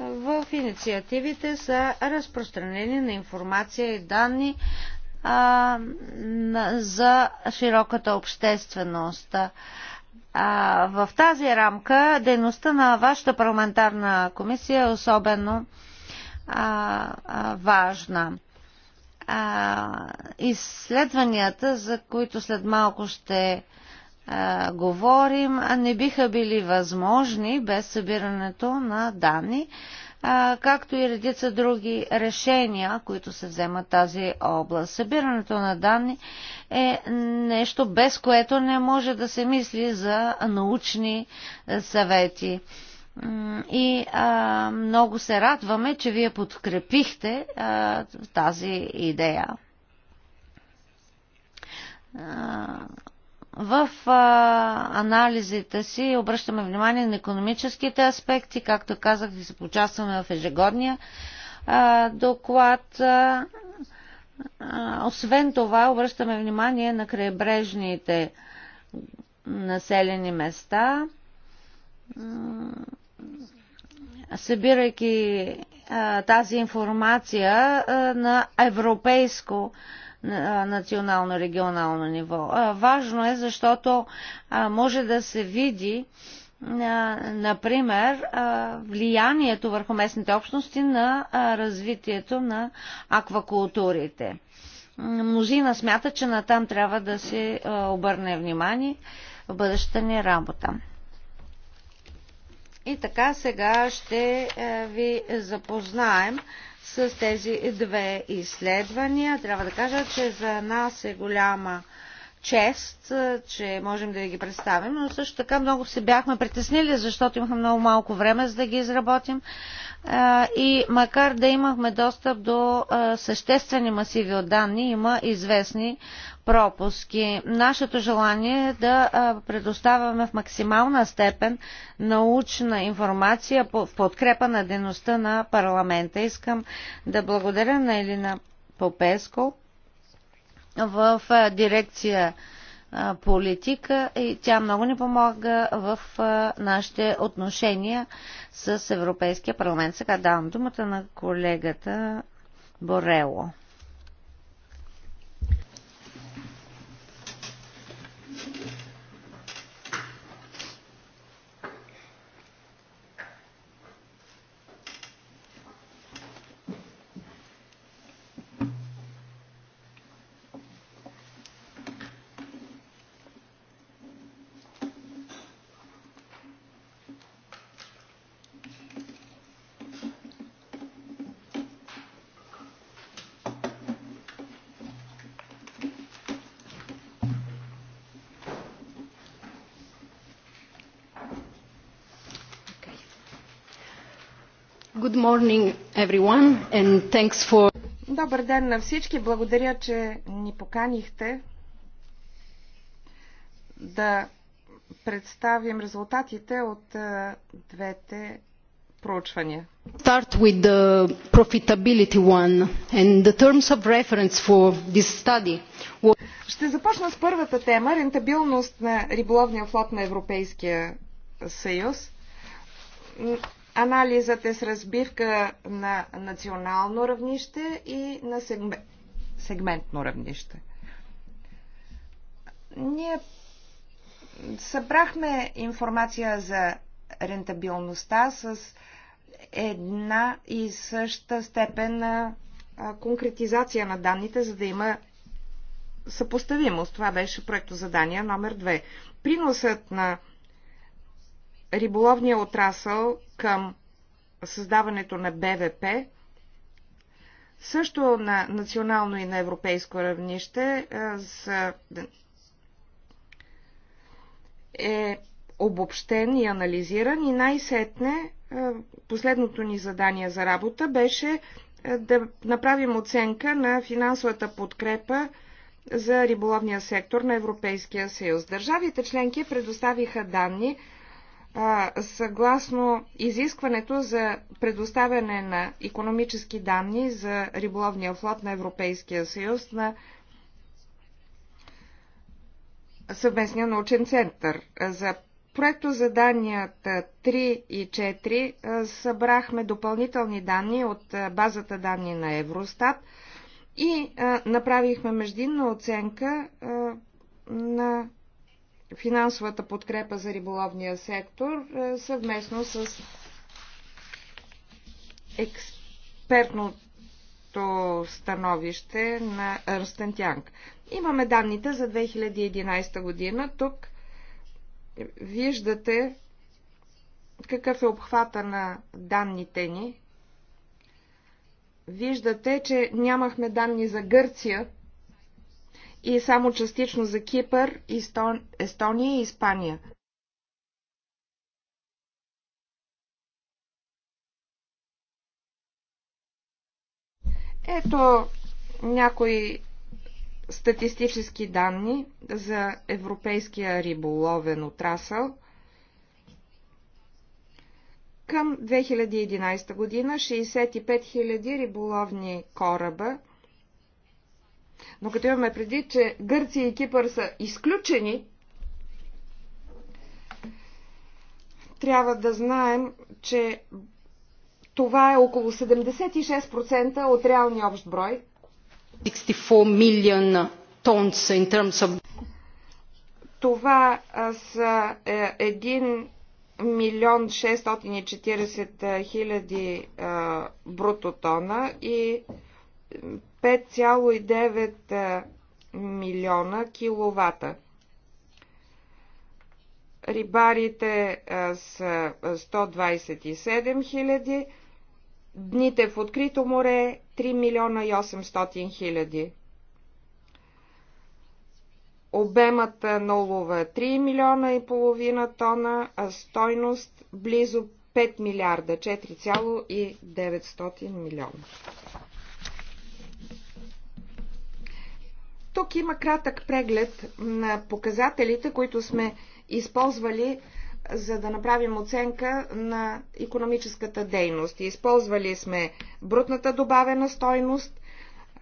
в инициативите са разпространение на информация и данни а, за широката общественост. А, в тази рамка дейността на вашата парламентарна комисия е особено а, а, важна. А, изследванията, за които след малко ще а, а, говорим, не биха били възможни без събирането на данни, а, както и редица други решения, които се вземат тази област. Събирането на данни е нещо, без което не може да се мисли за научни съвети. И а, много се радваме, че вие подкрепихте а, тази идея. В а, анализите си обръщаме внимание на економическите аспекти, както казах, и се участваме в ежегодния а, доклад. А, освен това, обръщаме внимание на крайбрежните населени места, събирайки а, тази информация а, на европейско а, национално-регионално ниво. Важно е, защото може да се види, например, влиянието върху местните общности на развитието на аквакултурите. Мнозина смята, че на там трябва да се обърне внимание в бъдещата ни работа. И така сега ще ви запознаем с тези две изследвания. Трябва да кажа, че за нас е голяма чест, че можем да ги представим, но също така много се бяхме притеснили, защото имахме много малко време за да ги изработим. И макар да имахме достъп до съществени масиви от данни, има известни пропуски. Нашето желание е да предоставяме в максимална степен научна информация в подкрепа на дейността на парламента. Искам да благодаря на Елина Попеско в дирекция политика и тя много ни помага в нашите отношения с Европейския парламент. Сега давам думата на колегата Борело. Good morning, everyone, and thanks for... Добър ден на всички. Благодаря, че ни поканихте да представим резултатите от двете проучвания. Start with the profitability one and the terms of reference for this study. Ще започна с първата тема рентабилност на риболовния флот на Европейския съюз. Анализът е с разбивка на национално равнище и на сегментно равнище. Ние събрахме информация за рентабилността с една и съща степен на конкретизация на данните, за да има съпоставимост. Това беше проекто задание номер 2. Приносът на риболовния отрасъл към създаването на БВП, също на национално и на европейско равнище е обобщен и анализиран и най-сетне последното ни задание за работа беше да направим оценка на финансовата подкрепа за риболовния сектор на Европейския съюз. Държавите членки предоставиха данни съгласно изискването за предоставяне на економически данни за риболовния флот на Европейския съюз на съвместния научен център. За проекто данията 3 и 4 събрахме допълнителни данни от базата данни на Евростат и направихме междинна оценка на финансовата подкрепа за риболовния сектор е, съвместно с експертното становище на Ръстентянг. Имаме данните за 2011 година. Тук виждате какъв е обхвата на данните ни. Виждате, че нямахме данни за Гърция, и само частично за Кипър, Естония и Испания. Ето някои статистически данни за европейския риболовен отрасъл. Към 2011 година 65 000 риболовни кораба но като имаме преди, че Гърция и Кипър са изключени, трябва да знаем, че това е около 76% от реалния общ брой. 64 милион тонс in terms of... Това са 1 е, милион 640 хиляди брутотона и 5,9 милиона киловата. Рибарите са 127 хиляди, дните в открито море 3 милиона и 800 хиляди. Обемът на улова 3 е милиона и половина тона, а стойност близо 5 милиарда, 4,900 милиона. Тук има кратък преглед на показателите, които сме използвали за да направим оценка на економическата дейност. Използвали сме брутната добавена стойност,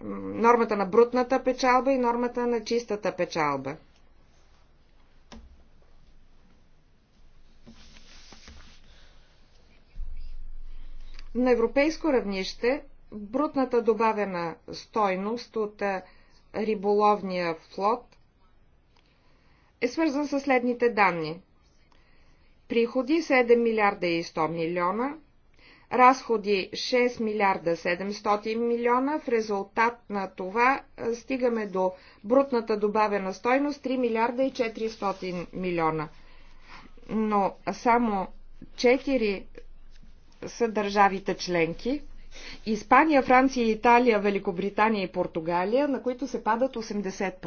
нормата на брутната печалба и нормата на чистата печалба. На европейско равнище брутната добавена стойност от риболовния флот е свързан с следните данни. Приходи 7 милиарда и 100 милиона, разходи 6 милиарда 700 милиона, в резултат на това стигаме до брутната добавена стойност 3 милиарда и 400 милиона. Но само 4 са държавите членки, Испания, Франция, Италия, Великобритания и Португалия, на които се падат 80%.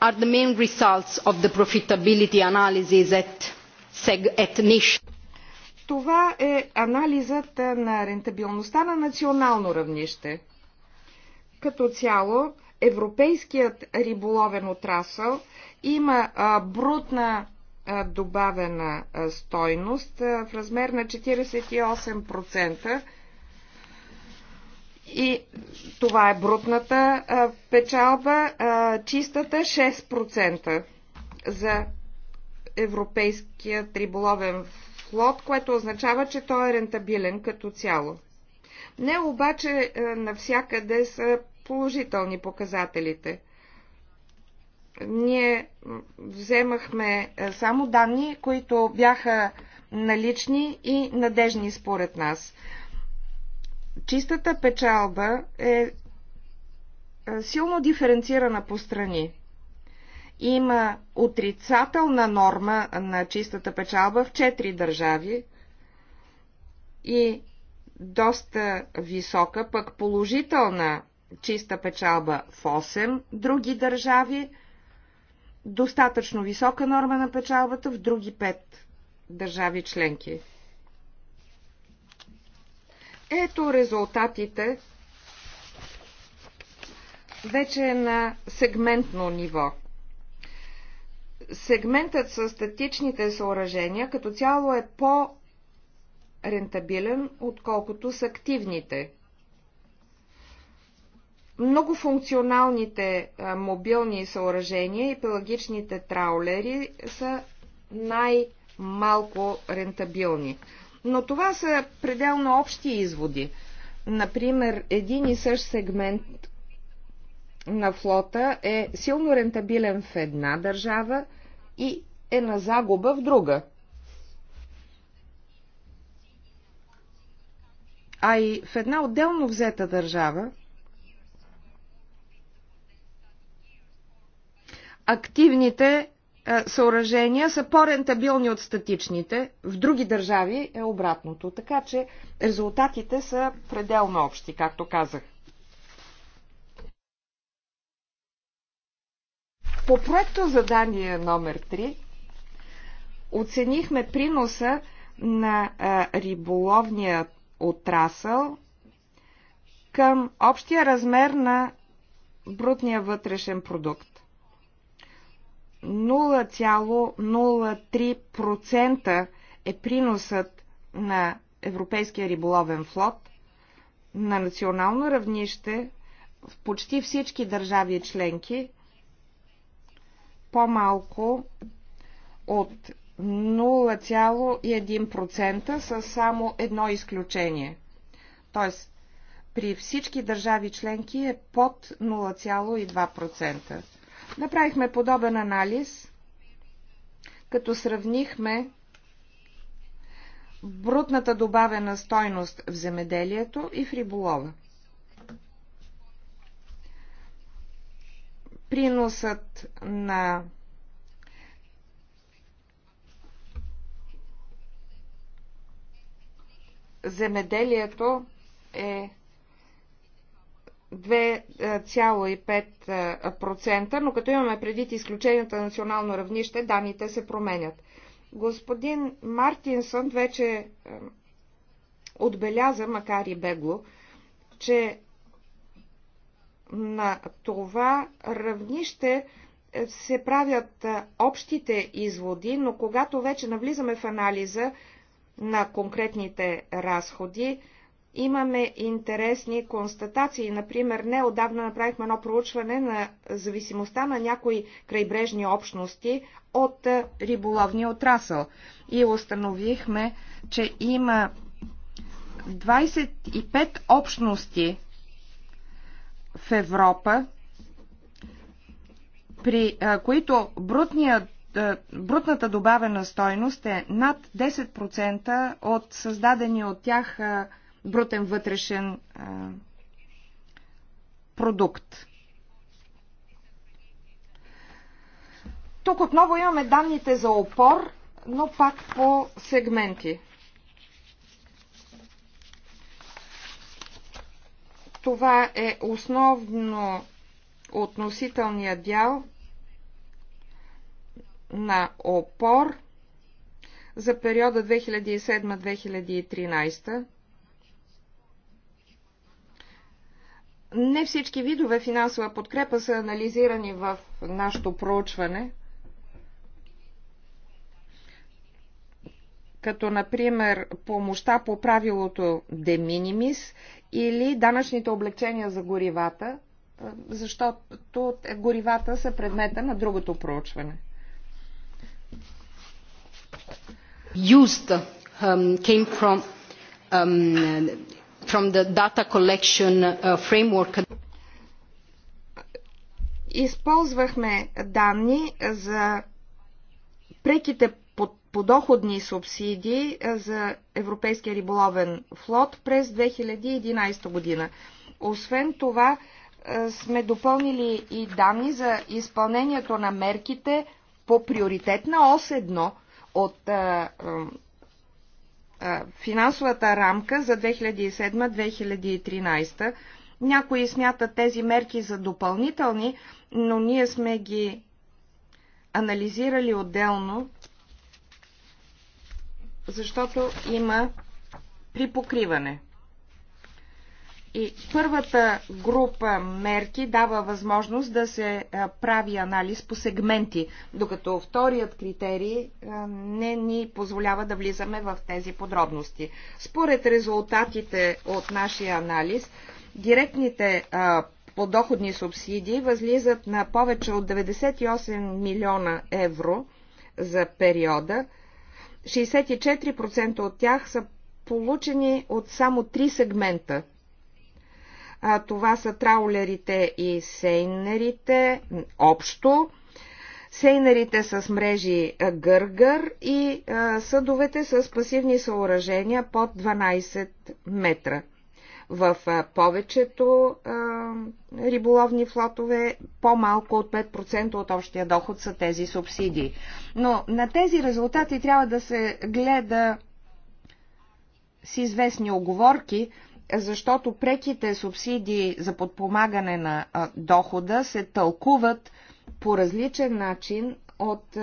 Are the main results of the profitability analysis at, at niche? Това е анализът на рентабилността на национално равнище. Като цяло, европейският риболовен отрасъл има а, брутна а, добавена а, стойност а, в размер на 48% и това е брутната печалба, чистата 6% за европейския триболовен флот, което означава, че той е рентабилен като цяло. Не обаче навсякъде са положителни показателите. Ние вземахме само данни, които бяха налични и надежни според нас чистата печалба е, е силно диференцирана по страни. Има отрицателна норма на чистата печалба в четири държави и доста висока, пък положителна чиста печалба в 8 други държави, достатъчно висока норма на печалбата в други 5 държави членки. Ето резултатите вече е на сегментно ниво. Сегментът с статичните съоръжения като цяло е по-рентабилен, отколкото с активните. Многофункционалните мобилни съоръжения и пелагичните траулери са най-малко рентабилни. Но това са пределно общи изводи. Например, един и същ сегмент на флота е силно рентабилен в една държава и е на загуба в друга. А и в една отделно взета държава активните е, съоръжения са по-рентабилни от статичните. В други държави е обратното. Така че резултатите са пределно общи, както казах. По проекто задание номер 3 оценихме приноса на е, риболовния отрасъл към общия размер на брутния вътрешен продукт. 0,03% е приносът на Европейския риболовен флот на национално равнище в почти всички държави членки по-малко от 0,1% са само едно изключение. Тоест, при всички държави членки е под 0,2%. Направихме подобен анализ, като сравнихме брутната добавена стойност в земеделието и в риболова. Приносът на земеделието е 2,5%, но като имаме предвид изключенията на национално равнище, данните се променят. Господин Мартинсън вече е, отбеляза, макар и бегло, че на това равнище е, се правят е, общите изводи, но когато вече навлизаме в анализа на конкретните разходи, имаме интересни констатации. Например, неодавна направихме едно проучване на зависимостта на някои крайбрежни общности от риболовния отрасъл. И установихме, че има 25 общности в Европа, при които брутният брутната добавена стойност е над 10% от създадени от тях брутен вътрешен а, продукт. Тук отново имаме данните за опор, но пак по сегменти. Това е основно относителният дял на опор за периода 2007-2013 Не всички видове финансова подкрепа са анализирани в нашето проучване, като например помощта по правилото de minimis или данъчните облегчения за горивата, защото горивата са предмета на другото проучване. Used um, came from um, from the data collection uh, framework. Използвахме данни за преките подоходни субсидии е, за Европейския риболовен флот през 2011 година. Освен това, е, сме допълнили и данни за изпълнението на мерките по приоритетна ОС 1 от е, финансовата рамка за 2007-2013. Някои смятат тези мерки за допълнителни, но ние сме ги анализирали отделно, защото има припокриване. И първата група мерки дава възможност да се прави анализ по сегменти, докато вторият критерий не ни позволява да влизаме в тези подробности. Според резултатите от нашия анализ, директните подоходни субсидии възлизат на повече от 98 милиона евро за периода. 64% от тях са получени от само три сегмента това са траулерите и сейнерите общо, сейнерите с мрежи гъргър и съдовете с пасивни съоръжения под 12 метра. В повечето риболовни флотове по-малко от 5% от общия доход са тези субсидии. Но на тези резултати трябва да се гледа с известни оговорки, защото преките субсидии за подпомагане на дохода се тълкуват по различен начин от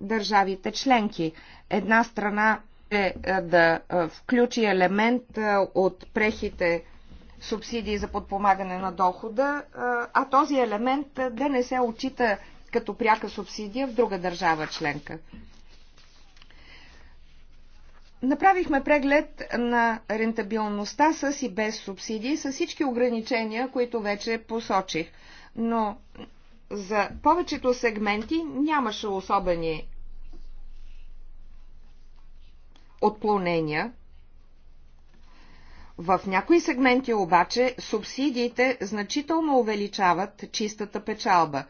държавите членки. Една страна е да включи елемент от прехите субсидии за подпомагане на дохода, а този елемент да не се отчита като пряка субсидия в друга държава членка. Направихме преглед на рентабилността с и без субсидии, с всички ограничения, които вече посочих. Но за повечето сегменти нямаше особени отклонения. В някои сегменти обаче субсидиите значително увеличават чистата печалба.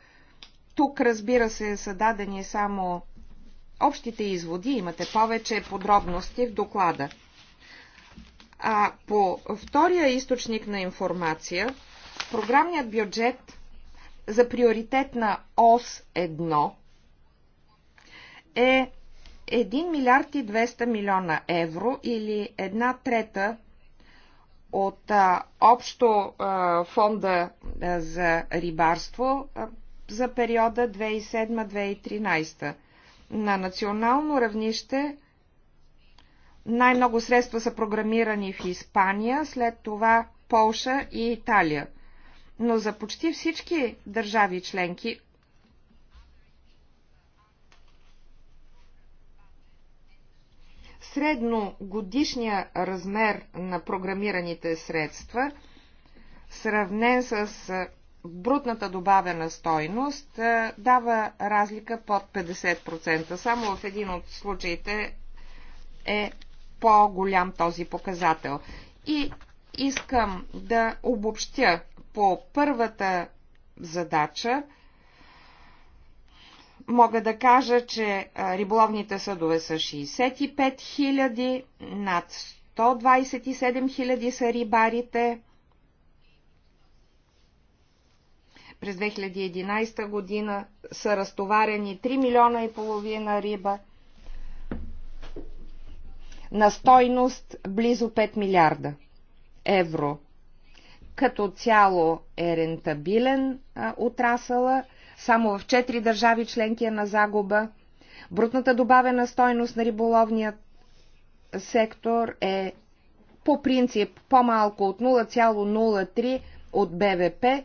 Тук, разбира се, са дадени само общите изводи. Имате повече подробности в доклада. А по втория източник на информация, програмният бюджет за приоритет на ОС 1 е 1 милиард и 200 милиона евро или една трета от а, общо а, фонда а, за рибарство а, за периода 2007-2013. На национално равнище най-много средства са програмирани в Испания, след това Полша и Италия. Но за почти всички държави членки средно годишния размер на програмираните средства, сравнен с брутната добавена стойност е, дава разлика под 50%. Само в един от случаите е по-голям този показател. И искам да обобщя по първата задача. Мога да кажа, че риболовните съдове са 65 000, над 127 000 са рибарите, През 2011 година са разтоварени 3 милиона и половина риба на стойност близо 5 милиарда евро. Като цяло е рентабилен а, отрасъла, само в 4 държави членки е на загуба. Брутната добавена стойност на риболовния сектор е по принцип по-малко от 0,03 от БВП,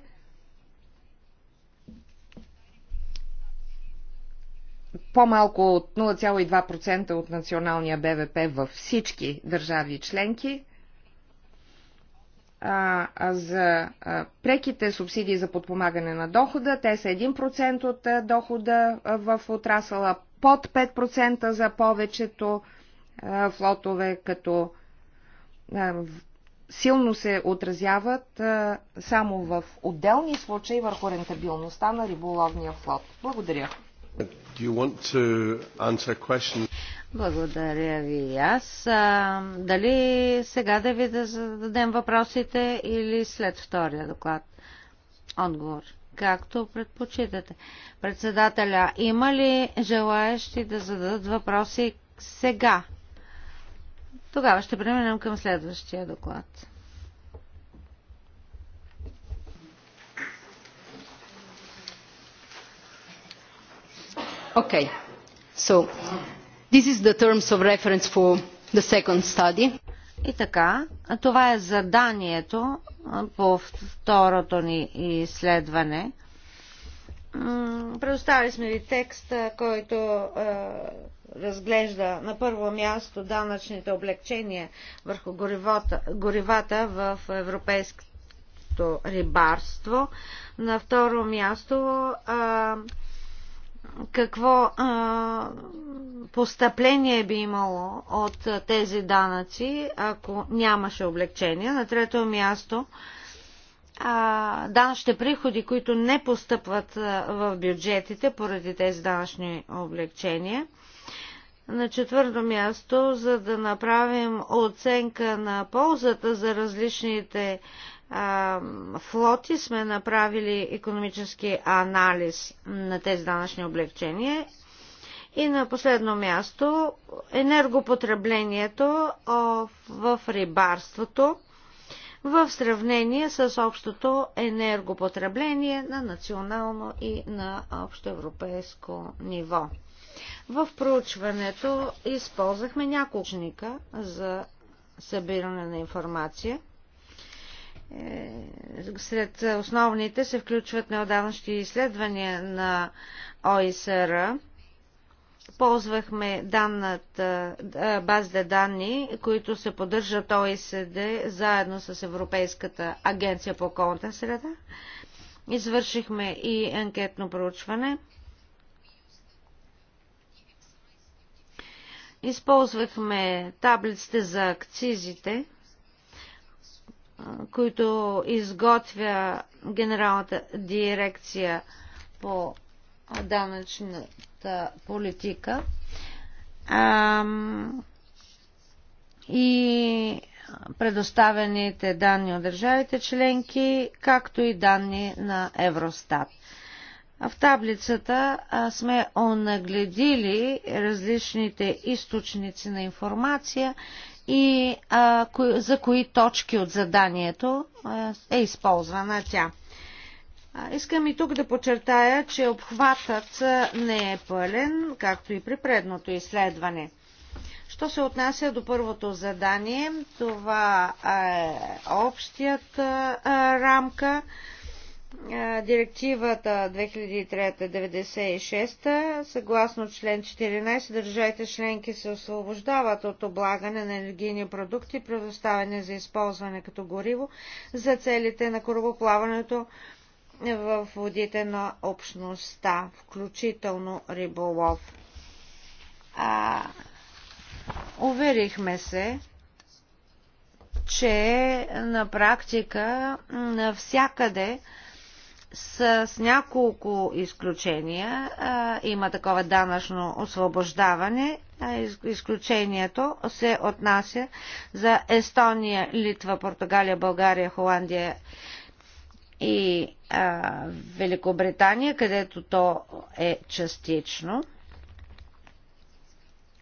по-малко от 0,2% от националния БВП във всички държави членки. А, а за а, преките субсидии за подпомагане на дохода, те са 1% от а, дохода а, в отрасъла, под 5% за повечето а, флотове, като а, силно се отразяват а, само в отделни случаи върху рентабилността на риболовния флот. Благодаря. Do you want to answer question? Благодаря ви и аз. А, дали сега да ви да зададем въпросите или след втория доклад? Отговор. Както предпочитате. Председателя, има ли желаящи да зададат въпроси сега? Тогава ще преминем към следващия доклад. Okay. So, this is the terms of reference for the second study. И така, това е заданието по второто ни изследване. Предоставили сме ви текста, който е, разглежда на първо място данъчните облегчения върху горивата, горивата в европейското рибарство. На второ място е, какво а, постъпление би имало от тези данъци, ако нямаше облегчение. На трето място, а, данъчните приходи, които не постъпват а, в бюджетите поради тези данъчни облегчения. На четвърто място, за да направим оценка на ползата за различните флоти сме направили економически анализ на тези данъчни облегчения. И на последно място енергопотреблението в рибарството в сравнение с общото енергопотребление на национално и на общоевропейско ниво. В проучването използвахме няколко за събиране на информация – е, сред основните се включват неодавнащи изследвания на ОИСР. Ползвахме данната, базите данни, които се поддържат ОИСД заедно с Европейската агенция по околната среда. Извършихме и анкетно проучване. Използвахме таблиците за акцизите – които изготвя генералната дирекция по данъчната политика. И предоставените данни от държавите членки, както и данни на Евростат. В таблицата сме онагледили различните източници на информация и а, кои, за кои точки от заданието е използвана тя. Искам и тук да подчертая, че обхватът не е пълен, както и при предното изследване. Що се отнася до първото задание, това е общият рамка Директивата 2003-96, съгласно член 14, държавите членки се освобождават от облагане на енергийни продукти, предоставени за използване като гориво, за целите на корабоплаването в водите на общността, включително риболов. А, уверихме се, че на практика навсякъде с, с няколко изключения а, има такова данъчно освобождаване. А из, изключението се отнася за Естония, Литва, Португалия, България, Холандия и а, Великобритания, където то е частично.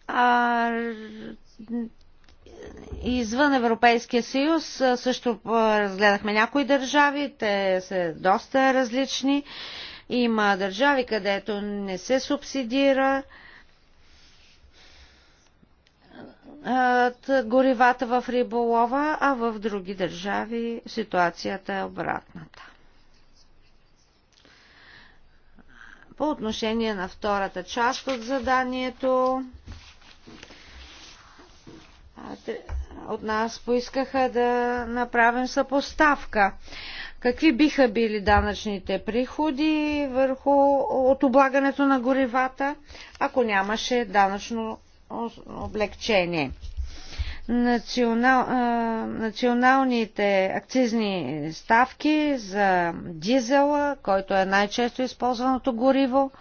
А, Извън Европейския съюз също разгледахме някои държави, те са доста различни. Има държави, където не се субсидира горивата в риболова, а в други държави ситуацията е обратната. По отношение на втората част от заданието, от нас поискаха да направим съпоставка. Какви биха били данъчните приходи върху от облагането на горивата, ако нямаше данъчно облегчение? Национал, а, националните акцизни ставки за дизела, който е най-често използваното гориво, а,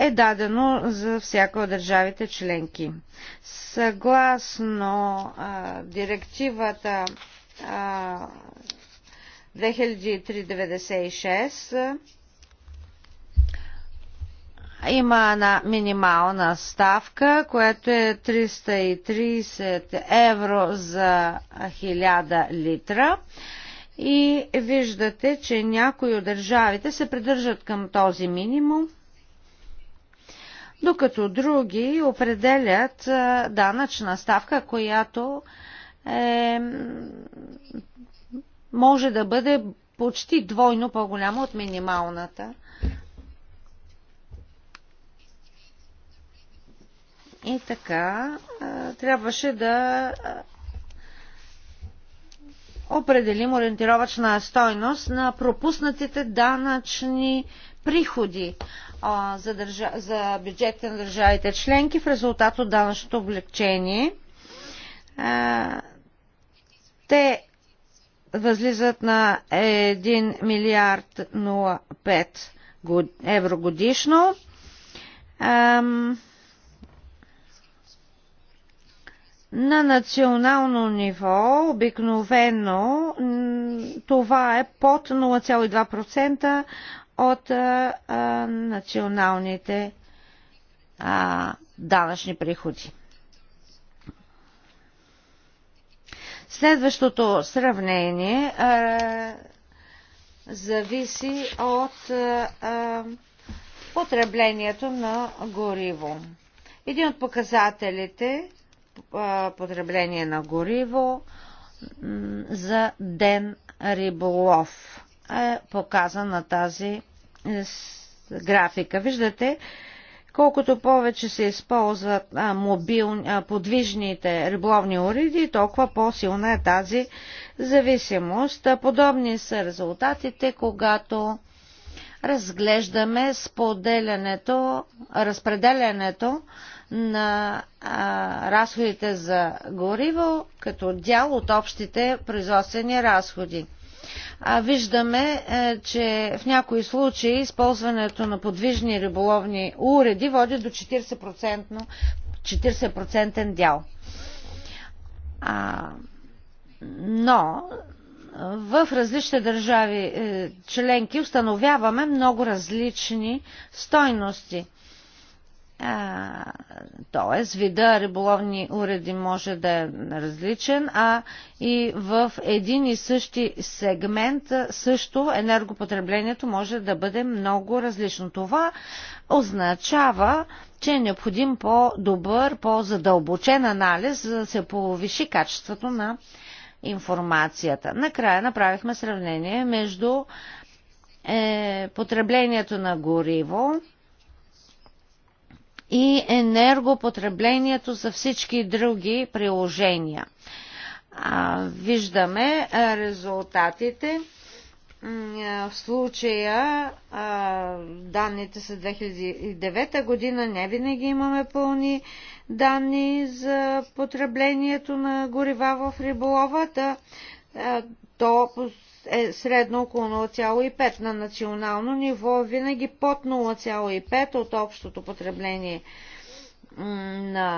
е дадено за всяка от държавите членки. Съгласно а, директивата а, 2003-96 има една минимална ставка, която е 330 евро за 1000 литра. И виждате, че някои от държавите се придържат към този минимум, докато други определят данъчна ставка, която е, може да бъде почти двойно по-голяма от минималната. И така, трябваше да определим ориентировачна стойност на пропуснатите данъчни приходи а, за, държа, за бюджетите на държавите членки в резултат от данъчното облегчение. А, те възлизат на 1 милиард 05 евро годишно. Ам, на национално ниво обикновено това е под 0,2% от а, а, националните а, данъчни приходи. Следващото сравнение а, зависи от а, потреблението на гориво. Един от показателите а, потребление на гориво за ден риболов е показан на тази графика. Виждате, колкото повече се използват а, мобил, а, подвижните риболовни уреди, толкова по-силна е тази зависимост. Подобни са резултатите, когато разглеждаме споделянето, разпределянето на а, разходите за гориво като дял от общите производствени разходи виждаме, е, че в някои случаи използването на подвижни риболовни уреди води до 40%, 40% дял. А, но е, в различни държави е, членки установяваме много различни стойности – Тоест, вида риболовни уреди може да е различен, а и в един и същи сегмент също енергопотреблението може да бъде много различно. Това означава, че е необходим по-добър, по-задълбочен анализ, за да се повиши качеството на информацията. Накрая направихме сравнение между е, потреблението на гориво, и енергопотреблението за всички други приложения. Виждаме резултатите. В случая данните са 2009 година, не винаги имаме пълни данни за потреблението на горива в риболовата. То е средно около 0,5 на национално ниво, винаги под 0,5 от общото потребление на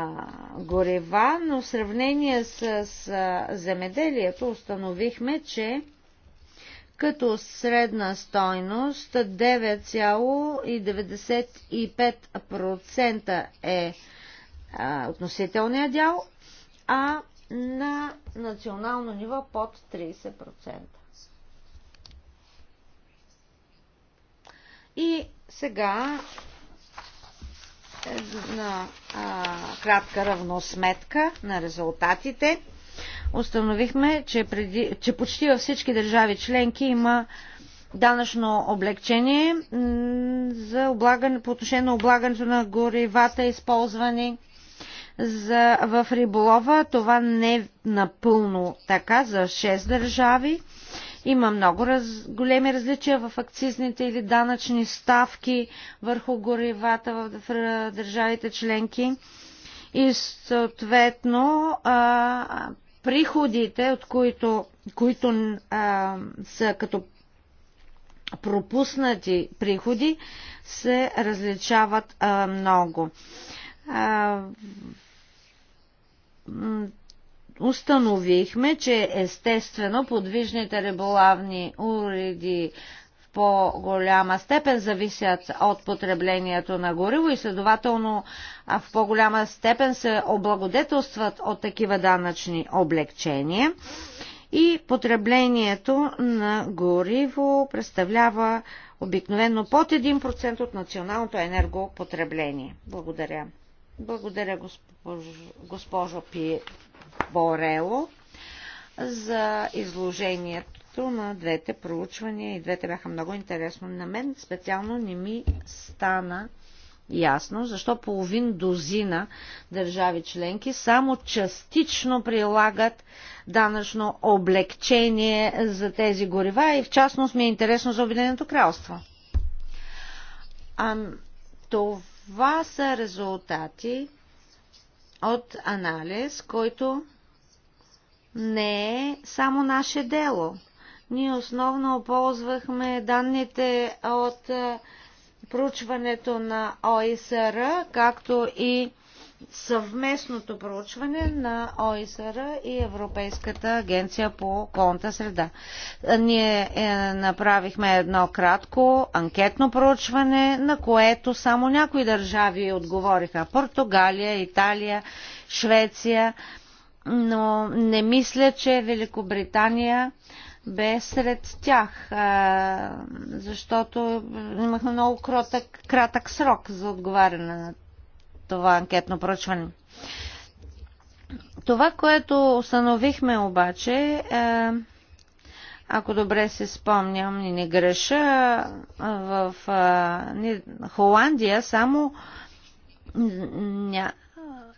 горева, но в сравнение с, с земеделието установихме, че като средна стойност 9,95% е а, относителният дял, а на национално ниво под 30%. И сега една а, кратка равносметка на резултатите. Установихме, че, преди, че почти във всички държави членки има данъчно облегчение за облагане, по отношение на облагането на горивата, използвани за, в риболова. Това не е напълно така за 6 държави. Има много раз, големи различия в акцизните или данъчни ставки върху горивата в държавите членки и съответно а, приходите, от които, които а, са като пропуснати приходи, се различават а, много. А, установихме, че естествено подвижните риболавни уреди в по-голяма степен зависят от потреблението на гориво и следователно в по-голяма степен се облагодетелстват от такива данъчни облегчения и потреблението на гориво представлява обикновено под 1% от националното енергопотребление. Благодаря. Благодаря, госпожо, госпожо Пи, Борело за изложението на двете проучвания и двете бяха много интересно на мен. Специално не ми стана ясно, защо половин дозина държави членки само частично прилагат данъчно облегчение за тези горива и в частност ми е интересно за Обединеното кралство. А, това са резултати от анализ, който не е само наше дело. Ние основно ползвахме данните от проучването на ОИСР, както и съвместното проучване на ОИСР и Европейската агенция по околната среда. Ние е, направихме едно кратко анкетно проучване, на което само някои държави отговориха. Португалия, Италия, Швеция, но не мисля, че Великобритания бе сред тях, защото имахме много кротък, кратък срок за отговаряне на това анкетно проучване. Това, което установихме обаче, е, ако добре се спомням и не греша, в е, Холандия само ня,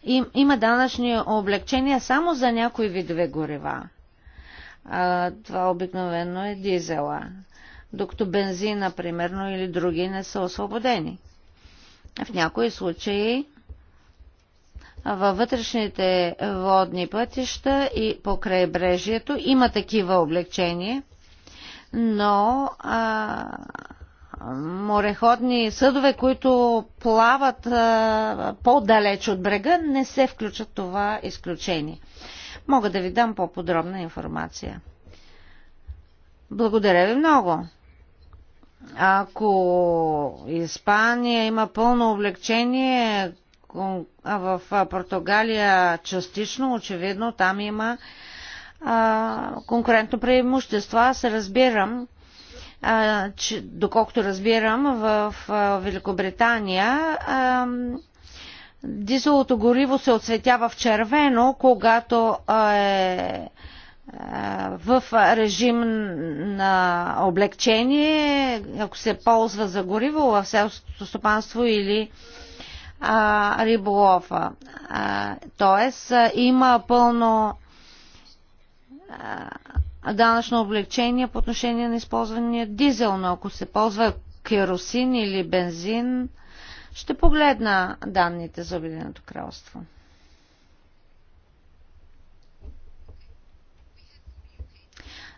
им, има данъчни облегчения само за някои видове горива. Е, това обикновено е дизела, докато бензина, примерно, или други не са освободени. В някои случаи във вътрешните водни пътища и по крайбрежието. Има такива облегчения, но а, мореходни съдове, които плават по-далеч от брега, не се включат това изключение. Мога да ви дам по-подробна информация. Благодаря ви много. Ако Испания има пълно облегчение, в Португалия частично, очевидно там има а, конкурентно преимущество. Аз разбирам, а, че, доколкото разбирам, в а, Великобритания а, дизелото гориво се оцветява в червено, когато а, е в режим на облегчение, ако се ползва за гориво в селското стопанство или а, риболова. А, тоест, а, има пълно а, данъчно облегчение по отношение на използвания дизел, но ако се ползва керосин или бензин, ще погледна данните за Обединеното кралство.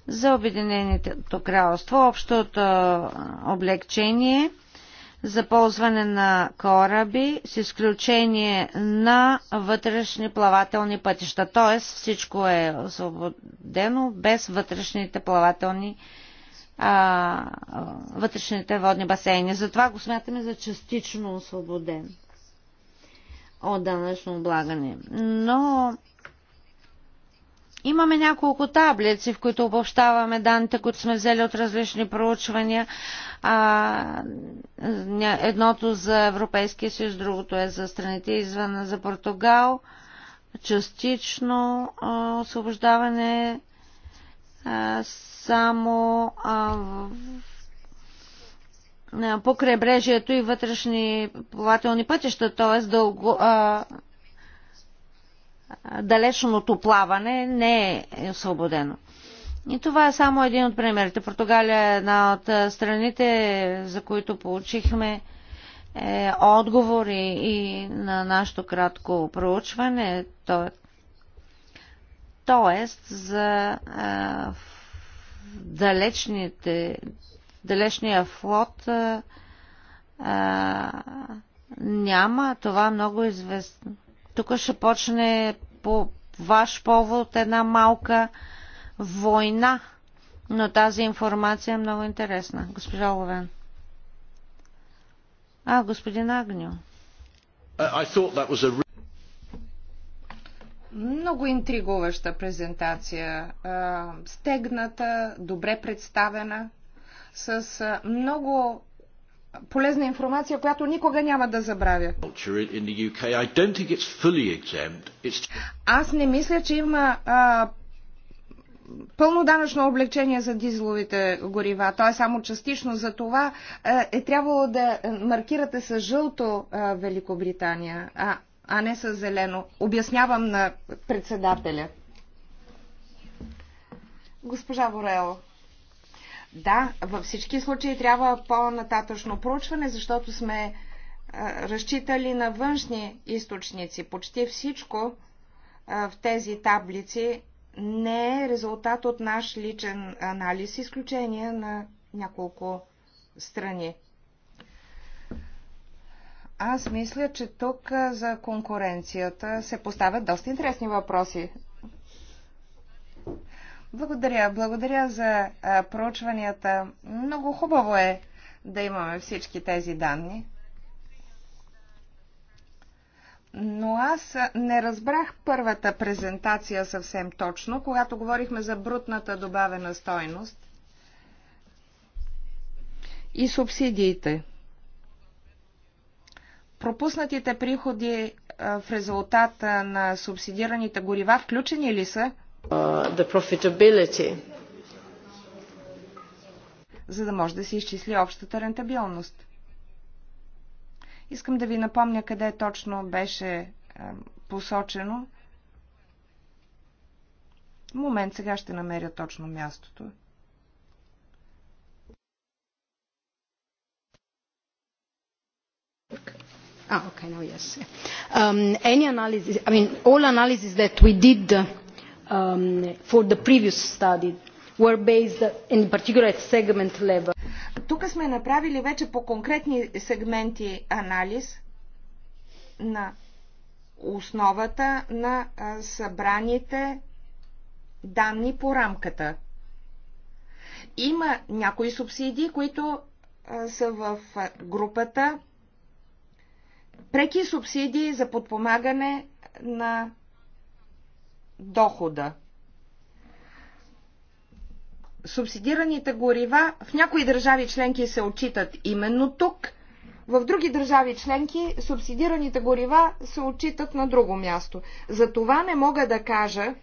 За Обединеното кралство общото облегчение – за ползване на кораби, с изключение на вътрешни плавателни пътища. Т.е. всичко е освободено без вътрешните плавателни а, вътрешните водни басейни. Затова го смятаме за частично освободен от данъчно облагане. Но Имаме няколко таблици, в които обобщаваме данните, които сме взели от различни проучвания. А, едното за Европейския съюз, другото е за страните извън за Португал. Частично а, освобождаване а, само а, в, по крайбрежието и вътрешни плавателни пътища, т.е далечното плаване не е освободено. И това е само един от примерите. Португалия е една от страните, за които получихме е, отговори и на нашето кратко проучване. То, е, тоест, за е, далечните, далечния флот е, няма това много известно тук ще почне по ваш повод една малка война, но тази информация е много интересна. Госпожа Ловен. А, господин Агню. A... Много интригуваща презентация. Стегната, добре представена, с много полезна информация, която никога няма да забравя. Аз не мисля, че има а, пълно данъчно облегчение за дизеловите горива. То е само частично. За това е трябвало да маркирате с жълто а, Великобритания, а, а не с зелено. Обяснявам на председателя. Госпожа Борело. Да, във всички случаи трябва по-нататъчно проучване, защото сме а, разчитали на външни източници. Почти всичко а, в тези таблици не е резултат от наш личен анализ, изключение на няколко страни. Аз мисля, че тук за конкуренцията се поставят доста интересни въпроси. Благодаря, благодаря за а, проучванията. Много хубаво е да имаме всички тези данни. Но аз не разбрах първата презентация съвсем точно, когато говорихме за брутната добавена стойност и субсидиите. Пропуснатите приходи в резултата на субсидираните горива включени ли са? the profitability. За да може да се изчисли общата рентабилност. Искам да ви напомня къде точно беше посочено. Момент, сега ще намеря точно мястото. Ah, okay, now yes. Um, any analysis, I mean, all analysis that we did Um, for the previous study were based in particular at segment level. Тук сме направили вече по конкретни сегменти анализ на основата на събраните данни по рамката. Има някои субсидии, които са в групата преки субсидии за подпомагане на дохода. Субсидираните горива в някои държави членки се отчитат именно тук, в други държави членки субсидираните горива се отчитат на друго място. За това не мога да кажа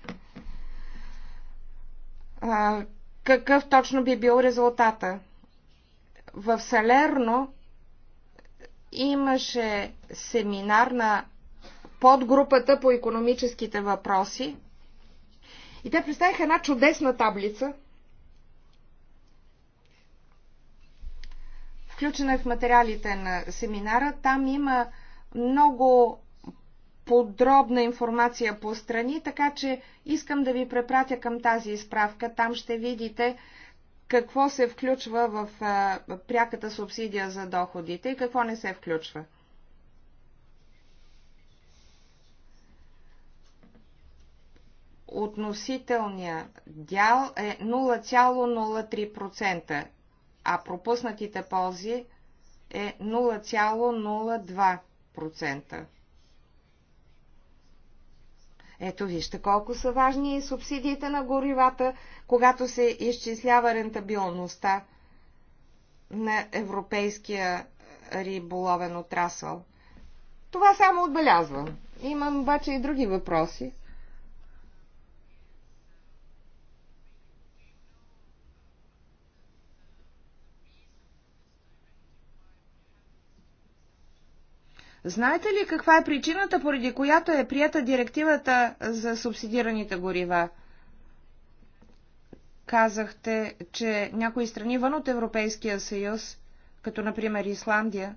а, какъв точно би бил резултата. В Салерно имаше семинар на подгрупата по економическите въпроси. И те представиха една чудесна таблица, включена в материалите на семинара. Там има много подробна информация по страни, така че искам да ви препратя към тази изправка. Там ще видите какво се включва в пряката субсидия за доходите и какво не се включва. относителният дял е 0,03%, а пропуснатите ползи е 0,02%. Ето вижте колко са важни и субсидиите на горивата, когато се изчислява рентабилността на европейския риболовен отрасъл. Това само отбелязвам. Имам обаче и други въпроси. Знаете ли каква е причината, поради която е прията директивата за субсидираните горива? Казахте, че някои страни вън от Европейския съюз, като например Исландия,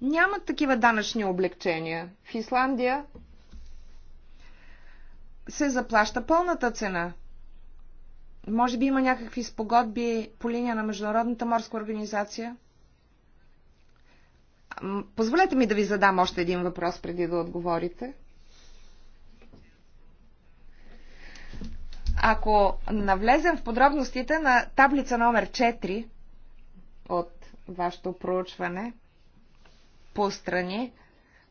нямат такива данъчни облегчения. В Исландия се заплаща пълната цена. Може би има някакви спогодби по линия на Международната морска организация? Позволете ми да ви задам още един въпрос преди да отговорите. Ако навлезем в подробностите на таблица номер 4 от вашето проучване по страни,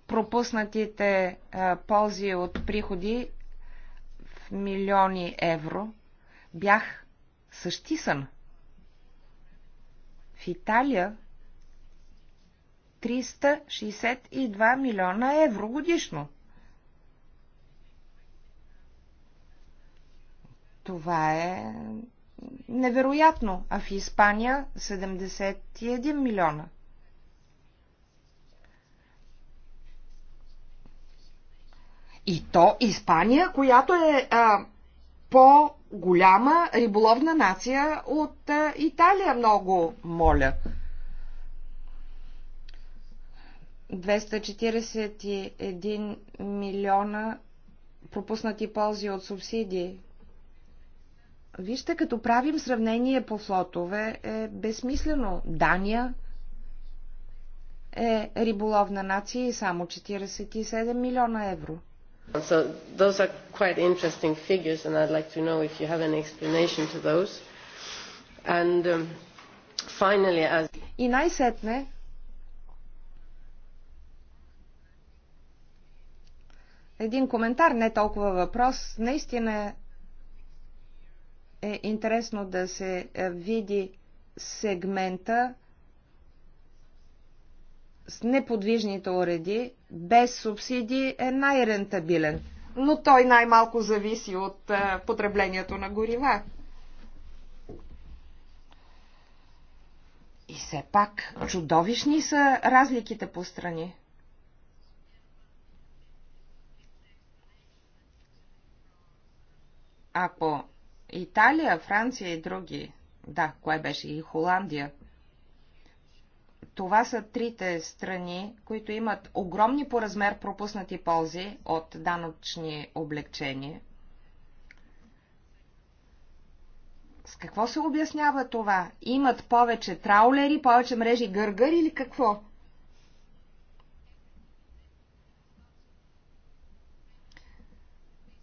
пропуснатите а, е, ползи от приходи в милиони евро, бях същисан. В Италия 362 милиона евро годишно. Това е невероятно, а в Испания 71 милиона. И то Испания, която е а, по-голяма риболовна нация от а, Италия, много моля. 241 милиона пропуснати ползи от субсидии. Вижте, като правим сравнение по флотове, е безсмислено. Дания е риболовна нация и само 47 милиона евро. So those are quite interesting figures and I'd like to know if you have explanation to those. And um, finally, as... И най-сетне, Един коментар, не толкова въпрос. Наистина е интересно да се е, види сегмента с неподвижните уреди, без субсидии е най-рентабилен, но той най-малко зависи от е, потреблението на горива. И все пак чудовищни са разликите по страни. Ако Италия, Франция и други, да, кое беше и Холандия, това са трите страни, които имат огромни по размер пропуснати ползи от данъчни облегчения. С какво се обяснява това? Имат повече траулери, повече мрежи гъргър или какво?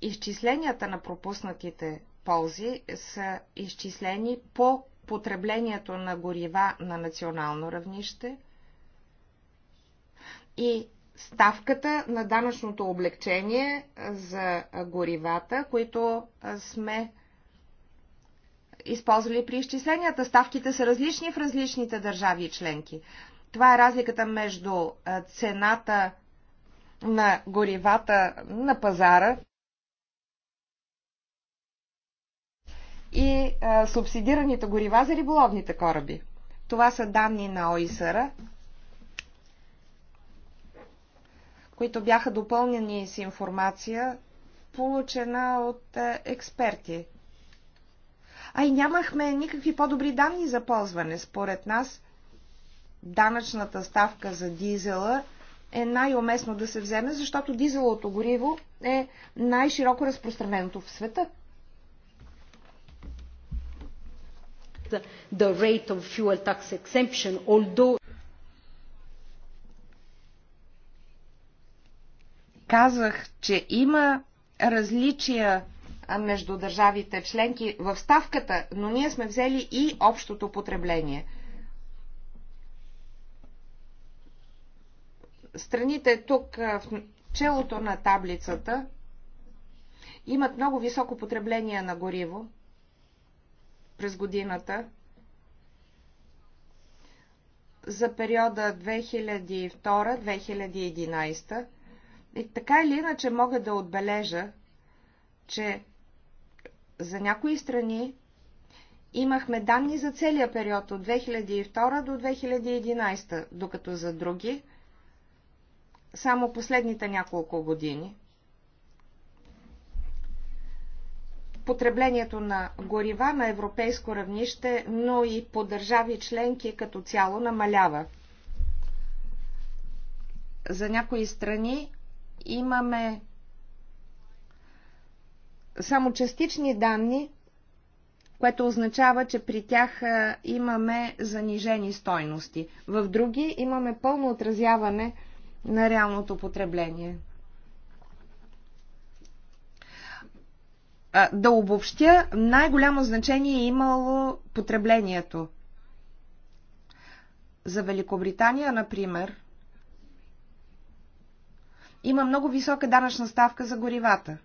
изчисленията на пропуснатите ползи са изчислени по потреблението на горива на национално равнище и ставката на данъчното облегчение за горивата, които сме използвали при изчисленията. Ставките са различни в различните държави и членки. Това е разликата между цената на горивата на пазара и а, субсидираните горива за риболовните кораби. Това са данни на ОИСР, които бяха допълнени с информация, получена от а, експерти. А и нямахме никакви по-добри данни за ползване. Според нас данъчната ставка за дизела е най-уместно да се вземе, защото дизелото гориво е най-широко разпространеното в света. the rate of fuel tax exemption, although Казах, че има различия между държавите членки в ставката, но ние сме взели и общото потребление. Страните тук в челото на таблицата имат много високо потребление на гориво, през годината. За периода 2002-2011. И така или иначе мога да отбележа, че за някои страни имахме данни за целия период от 2002 до 2011, докато за други само последните няколко години. потреблението на горива на европейско равнище, но и по държави членки като цяло намалява. За някои страни имаме само частични данни, което означава, че при тях имаме занижени стойности. В други имаме пълно отразяване на реалното потребление. да обобщя, най-голямо значение е имало потреблението. За Великобритания, например, има много висока данъчна ставка за горивата.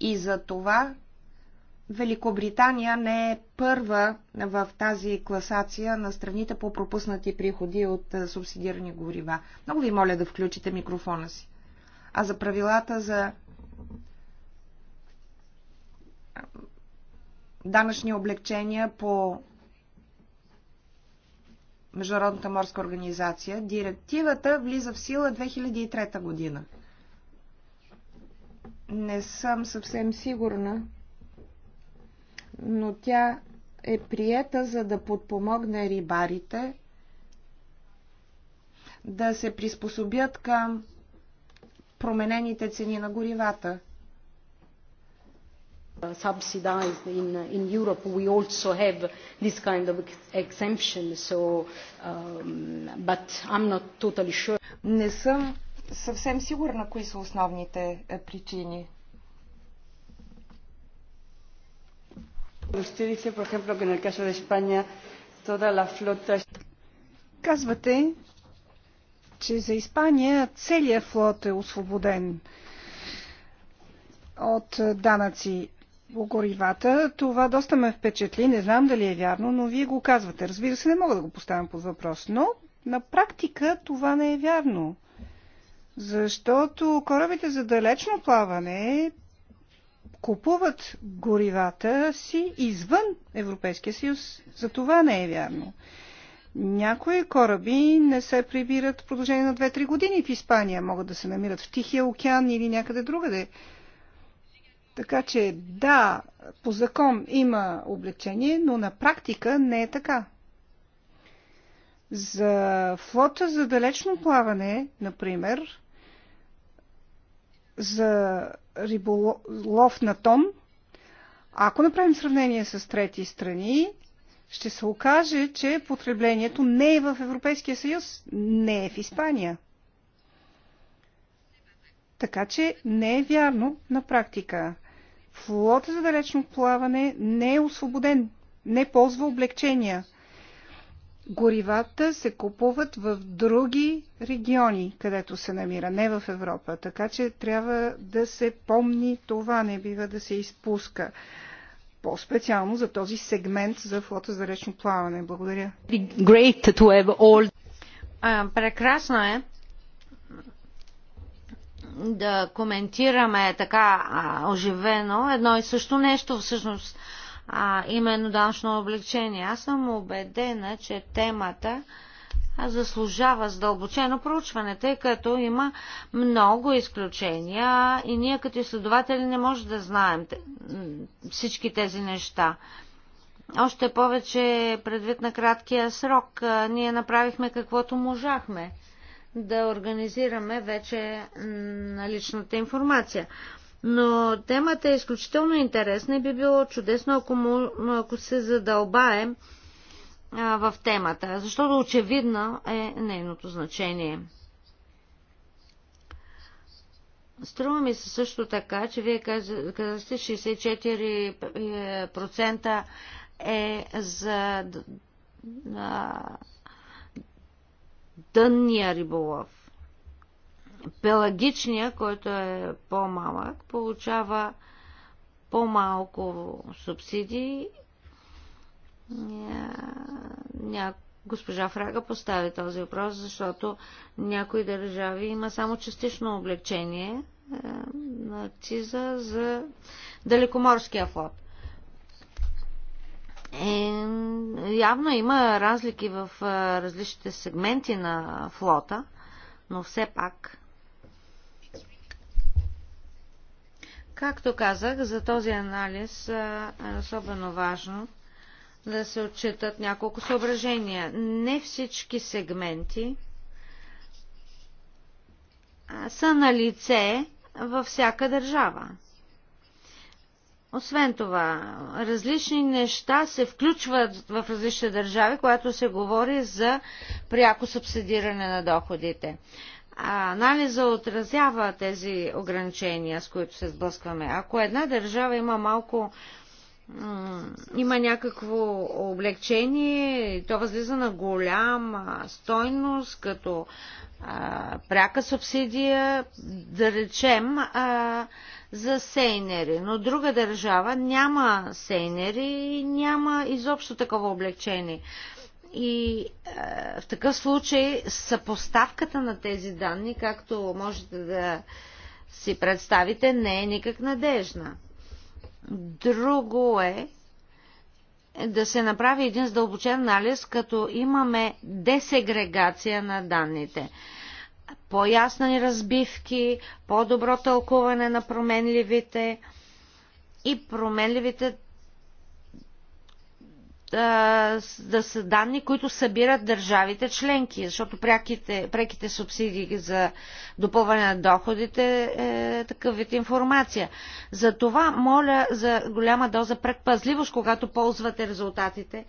И за това Великобритания не е първа в тази класация на страните по пропуснати приходи от субсидирани горива. Много ви моля да включите микрофона си. А за правилата за данъчни облегчения по Международната морска организация. Директивата влиза в сила 2003 година. Не съм съвсем сигурна, но тя е приета за да подпомогне рибарите да се приспособят към променените цени на горивата – Uh, subsidized in, uh, in Europe, we also have this kind of exemption. So, um, but I'm not totally sure. Не съм съвсем сигурна кои са основните е, причини. Казвате, че за Испания целият флот е освободен от е, данъци по горивата, това доста ме впечатли. Не знам дали е вярно, но вие го казвате. Разбира се, не мога да го поставям под въпрос, но на практика това не е вярно. Защото корабите за далечно плаване купуват горивата си извън Европейския съюз. За това не е вярно. Някои кораби не се прибират в продължение на 2-3 години в Испания. Могат да се намират в Тихия океан или някъде другаде. Така че да, по закон има облегчение, но на практика не е така. За флота за далечно плаване, например, за риболов на тон, ако направим сравнение с трети страни, ще се окаже, че потреблението не е в Европейския съюз, не е в Испания. Така че не е вярно на практика флота за далечно плаване не е освободен, не ползва облегчения. Горивата се купуват в други региони, където се намира, не в Европа. Така че трябва да се помни това, не бива да се изпуска. По-специално за този сегмент за флота за речно плаване. Благодаря. прекрасно е да коментираме така а, оживено едно и също нещо, всъщност, а, именно данъчно облегчение. Аз съм убедена, че темата заслужава задълбочено проучване, тъй като има много изключения и ние като изследователи не може да знаем всички тези неща. Още повече предвид на краткия срок, ние направихме каквото можахме да организираме вече наличната информация. Но темата е изключително интересна и би било чудесно, ако, му, ако се задълбаем а, в темата, защото очевидно е нейното значение. Струва ми се също така, че вие казахте 64% е за дънния риболов. Пелагичния, който е по-малък, получава по-малко субсидии. Ня... Госпожа Фрага постави този въпрос, защото някои държави има само частично облегчение е, на ЦИЗа за далекоморския флот. Е, явно има разлики в различните сегменти на флота, но все пак. Както казах, за този анализ е особено важно да се отчитат няколко съображения. Не всички сегменти са на лице във всяка държава. Освен това, различни неща се включват в различни държави, когато се говори за пряко субсидиране на доходите. А анализа отразява тези ограничения, с които се сблъскваме. Ако една държава има малко има някакво облегчение, то възлиза на голяма стойност, като а, пряка субсидия, да речем, а, за сейнери, но друга държава няма сейнери и няма изобщо такова облегчение. И е, в такъв случай съпоставката на тези данни, както можете да си представите, не е никак надежна. Друго е да се направи един задълбочен анализ, като имаме десегрегация на данните по-ясни разбивки, по-добро тълкуване на променливите и променливите да, да са данни, които събират държавите членки, защото преките, преките субсидии за допълване на доходите е такъв вид информация. За това моля за голяма доза предпазливост, когато ползвате резултатите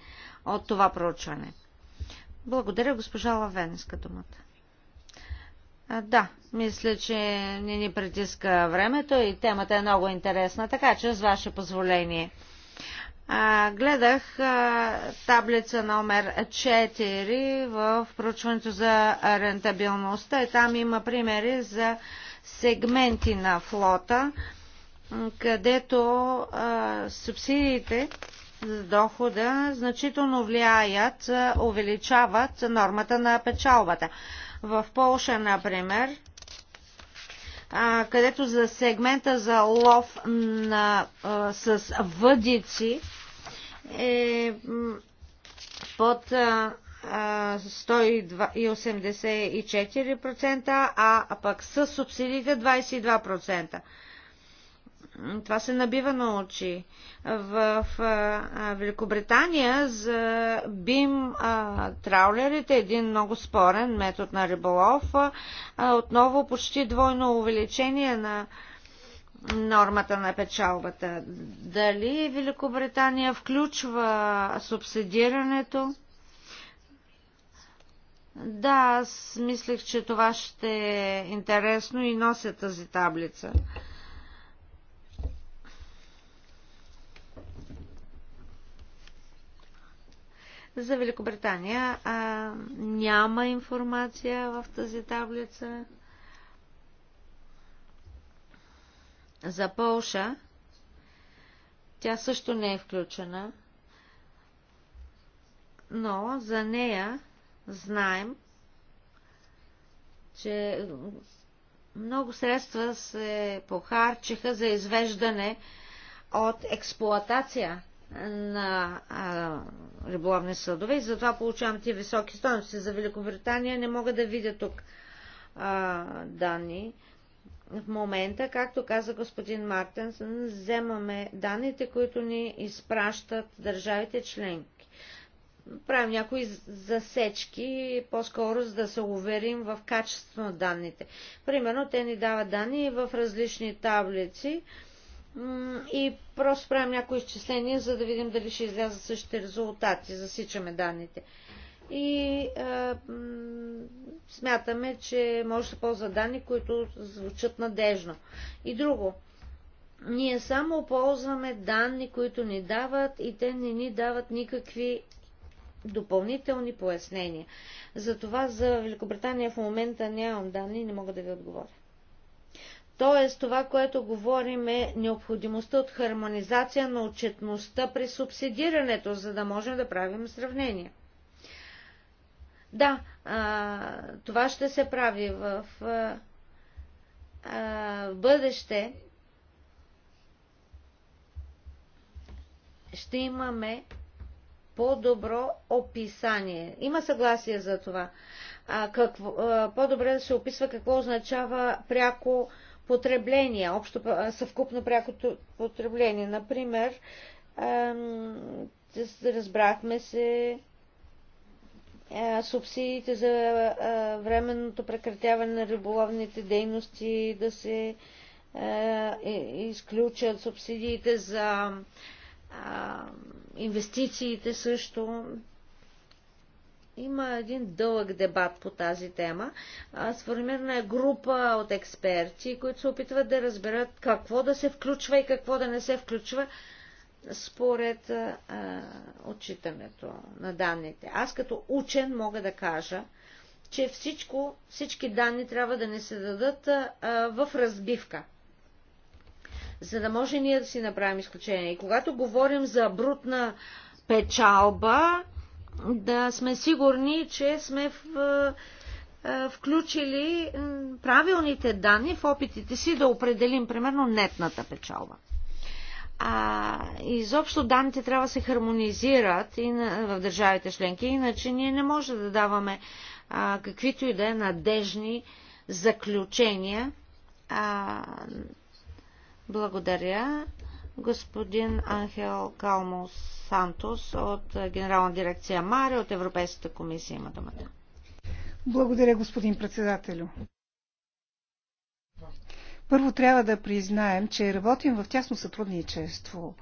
от това проучване. Благодаря, госпожа Лавен, думата. А, да, мисля, че не ни притиска времето и темата е много интересна, така че с ваше позволение. А, гледах а, таблица номер 4 в проучването за рентабилността и там има примери за сегменти на флота, където а, субсидиите за дохода значително влияят, увеличават нормата на печалбата. В Полша, например, където за сегмента за лов на, с въдици е под 184%, а пък с субсидиите 22%. Това се набива на очи. В Великобритания за бим траулерите, е един много спорен метод на риболов, отново почти двойно увеличение на нормата на печалбата. Дали Великобритания включва субсидирането? Да, аз мислех, че това ще е интересно и нося тази таблица. За Великобритания а, няма информация в тази таблица. За Полша тя също не е включена, но за нея знаем, че много средства се похарчиха за извеждане от експлоатация на а, риболовни съдове и затова получавам тия високи стоености. За Великобритания не мога да видя тук а, данни. В момента, както каза господин Мартенсън, вземаме данните, които ни изпращат държавите членки. Правим някои засечки, по-скоро за да се уверим в качеството на данните. Примерно, те ни дават данни в различни таблици, и просто правим някои изчисления, за да видим дали ще излязат същите резултати. Засичаме данните. И а, е, смятаме, че може да ползва данни, които звучат надежно. И друго, ние само ползваме данни, които ни дават и те не ни дават никакви допълнителни пояснения. Затова за Великобритания в момента нямам данни и не мога да ви отговоря. Тоест, това, което говорим е необходимостта от хармонизация на отчетността при субсидирането, за да можем да правим сравнение. Да, това ще се прави в, бъдеще. Ще имаме по-добро описание. Има съгласие за това. какво, по-добре да се описва какво означава пряко потребление, общо съвкупно прякото потребление. Например, разбрахме се субсидиите за временното прекратяване на риболовните дейности да се изключат, субсидиите за инвестициите също. Има един дълъг дебат по тази тема. Сформирана е група от експерти, които се опитват да разберат какво да се включва и какво да не се включва според а, отчитането на данните. Аз като учен мога да кажа, че всичко, всички данни трябва да не се дадат а, в разбивка, за да може ние да си направим изключение. И когато говорим за брутна печалба, да сме сигурни, че сме в, включили правилните данни в опитите си да определим, примерно, нетната печалба. А, изобщо данните трябва да се хармонизират и на, в държавите членки, иначе ние не може да даваме а, каквито и да е надежни заключения. А, благодаря господин Анхел Калмо Сантос от е, Генерална дирекция Мари от Европейската комисия има думата. Благодаря, господин председателю. Първо трябва да признаем, че работим в тясно сътрудничество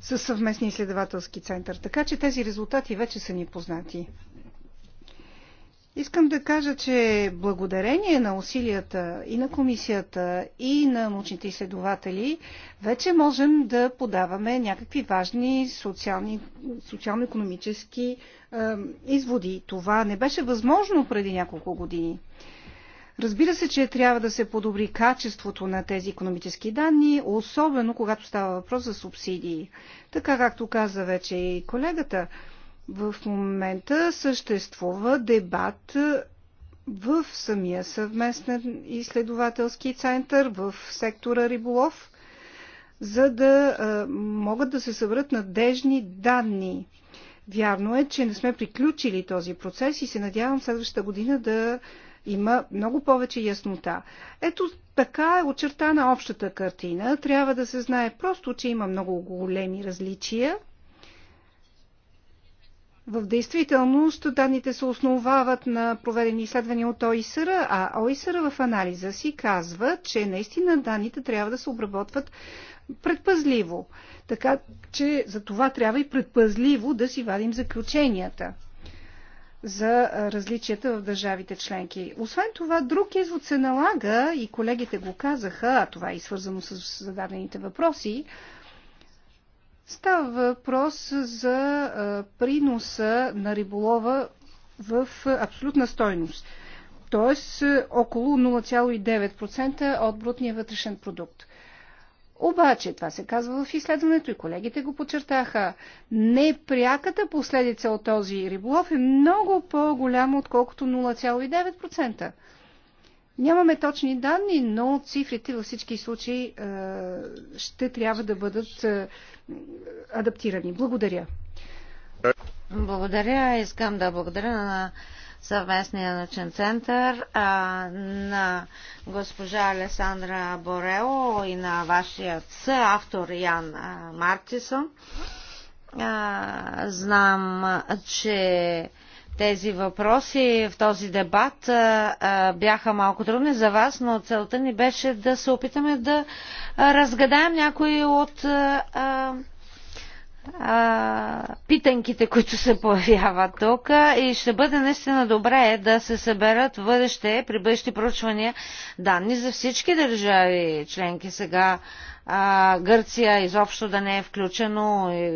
със съвместния изследователски център, така че тези резултати вече са ни познати. Искам да кажа, че благодарение на усилията и на комисията, и на научните изследователи, вече можем да подаваме някакви важни социално-економически е, изводи. Това не беше възможно преди няколко години. Разбира се, че трябва да се подобри качеството на тези економически данни, особено когато става въпрос за субсидии. Така както каза вече и колегата, в момента съществува дебат в самия съвместен изследователски център, в сектора риболов, за да могат да се съберат надежни данни. Вярно е, че не сме приключили този процес и се надявам следващата година да има много повече яснота. Ето така е очертана общата картина. Трябва да се знае просто, че има много големи различия – в действителност данните се основават на проведени изследвания от ОИСР, а ОИСР в анализа си казва, че наистина данните трябва да се обработват предпазливо. Така че за това трябва и предпазливо да си вадим заключенията за различията в държавите членки. Освен това, друг извод се налага, и колегите го казаха, а това е и свързано с зададените въпроси, Става въпрос за приноса на риболова в абсолютна стойност, т.е. около 0,9% от брутния вътрешен продукт. Обаче, това се казва в изследването и колегите го подчертаха, непряката последица от този риболов е много по-голяма, отколкото 0,9%. Нямаме точни данни, но цифрите във всички случаи е, ще трябва да бъдат е, адаптирани. Благодаря. Благодаря. Искам да благодаря на съвместния начин център, а, на госпожа Алесандра Борео и на вашия автор Ян Мартисон. А, знам, че тези въпроси в този дебат а, а, бяха малко трудни за вас, но целта ни беше да се опитаме да разгадаем някои от а, а, питанките, които се появяват тук и ще бъде наистина добре да се съберат в бъдеще, при бъдещи проучвания, данни за всички държави членки сега. А, Гърция изобщо да не е включено и, е,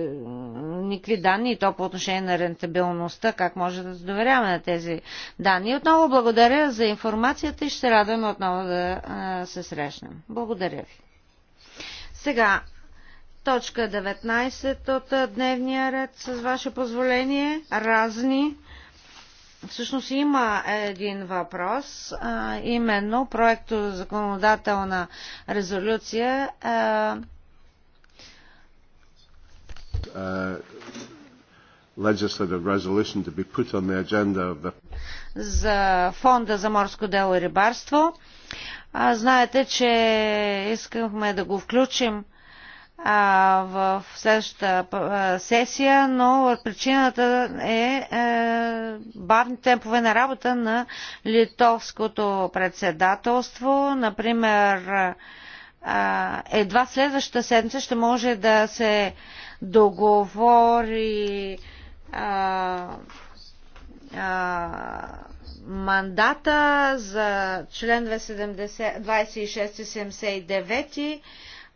никакви данни и то по отношение на рентабилността, как може да се доверяваме на тези данни. Отново благодаря за информацията и ще радваме отново да а, се срещнем. Благодаря ви. Сега Точка 19 от дневния ред, с ваше позволение. Разни. Всъщност има един въпрос, именно проекто законодателна резолюция. legislative resolution to be put on the agenda of the... за фонда за морско дело и рибарство. А, знаете, че искахме да го включим а, в следващата а, сесия, но причината е, е, бавни темпове на работа на литовското председателство. Например, а, едва следващата седмица ще може да се договори а, а, мандата за член 26 и 79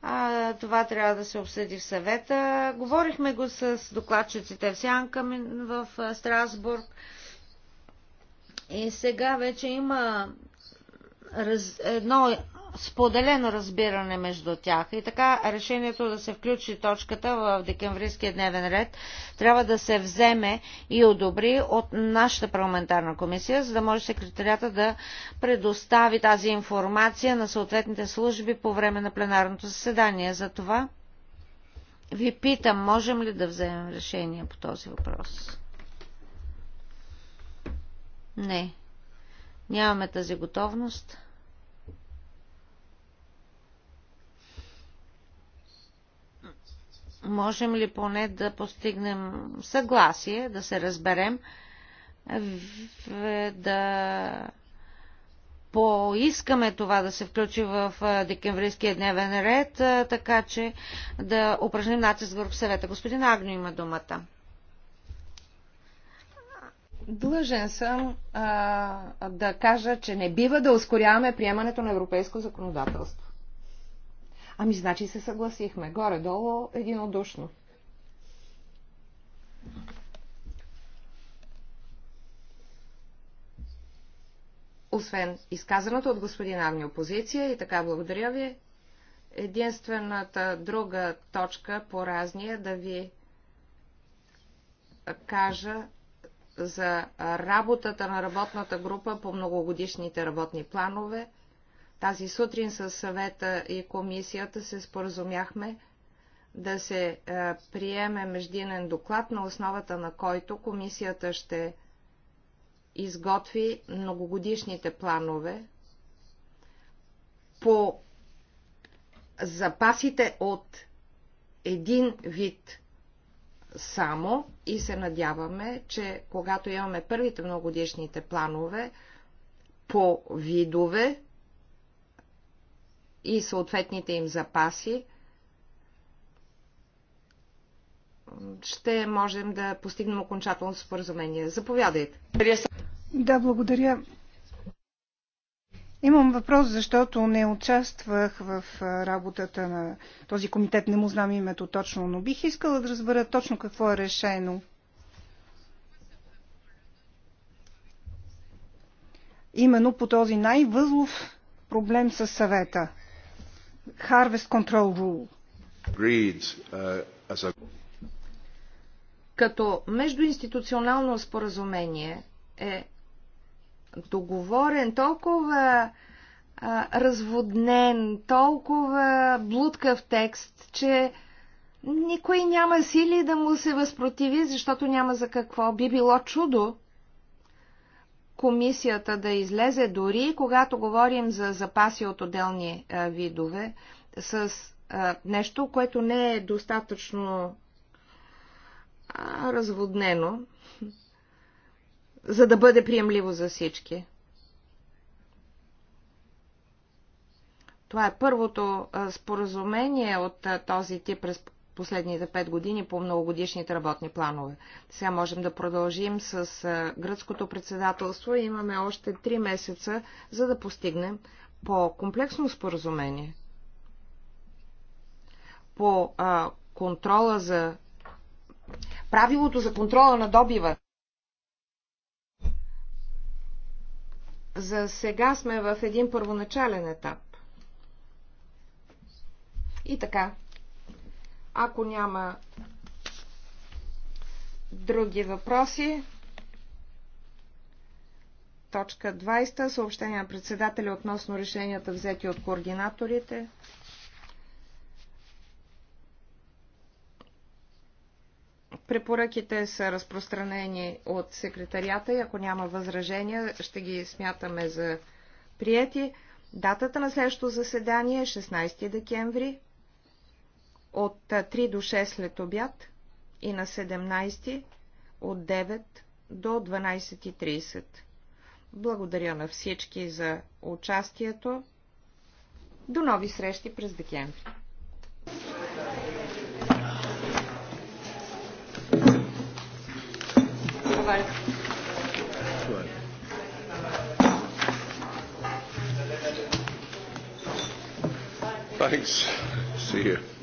а, това трябва да се обсъди в съвета. Говорихме го с докладчиците в Сянка в Страсбург. И сега вече има раз, едно споделено разбиране между тях. И така решението да се включи точката в декемврийския дневен ред трябва да се вземе и одобри от нашата парламентарна комисия, за да може секретарията да предостави тази информация на съответните служби по време на пленарното заседание. За това ви питам, можем ли да вземем решение по този въпрос? Не. Нямаме тази готовност. можем ли поне да постигнем съгласие, да се разберем, да поискаме това да се включи в декемврийския дневен ред, така че да упражним натиск върху съвета. Господин Агню има думата. Длъжен съм а, да кажа, че не бива да ускоряваме приемането на европейско законодателство. Ами, значи се съгласихме. Горе-долу единодушно. Освен изказаното от господин Агни опозиция и така благодаря ви, единствената друга точка по разния да ви кажа за работата на работната група по многогодишните работни планове тази сутрин със съвета и комисията се споразумяхме да се е, приеме междинен доклад, на основата на който комисията ще изготви многогодишните планове по запасите от един вид само и се надяваме, че когато имаме първите многодишните планове по видове, и съответните им запаси, ще можем да постигнем окончателно споразумение. Заповядайте. Да, благодаря. Имам въпрос, защото не участвах в работата на този комитет, не му знам името точно, но бих искала да разбера точно какво е решено. Именно по този най-възлов проблем с съвета – Harvest Control Rule. uh, as a... Като междуинституционално споразумение е договорен толкова а, разводнен, толкова блудкав текст, че никой няма сили да му се възпротиви, защото няма за какво. Би било чудо, комисията да излезе дори когато говорим за запаси от отделни е, видове с е, нещо, което не е достатъчно разводнено, за да бъде приемливо за всички. Това е първото е, споразумение от този тип последните пет години по многогодишните работни планове. Сега можем да продължим с гръцкото председателство и имаме още три месеца, за да постигнем по-комплексно споразумение по а, контрола за правилото за контрола на добива. За сега сме в един първоначален етап. И така, ако няма други въпроси, точка 20, съобщение на председателя относно решенията взети от координаторите. Препоръките са разпространени от секретарията и ако няма възражения, ще ги смятаме за прияти. Датата на следващото заседание е 16 декември от 3 до 6 след обяд и на 17 от 9 до 12.30. Благодаря на всички за участието. До нови срещи през декември. Thanks. See you.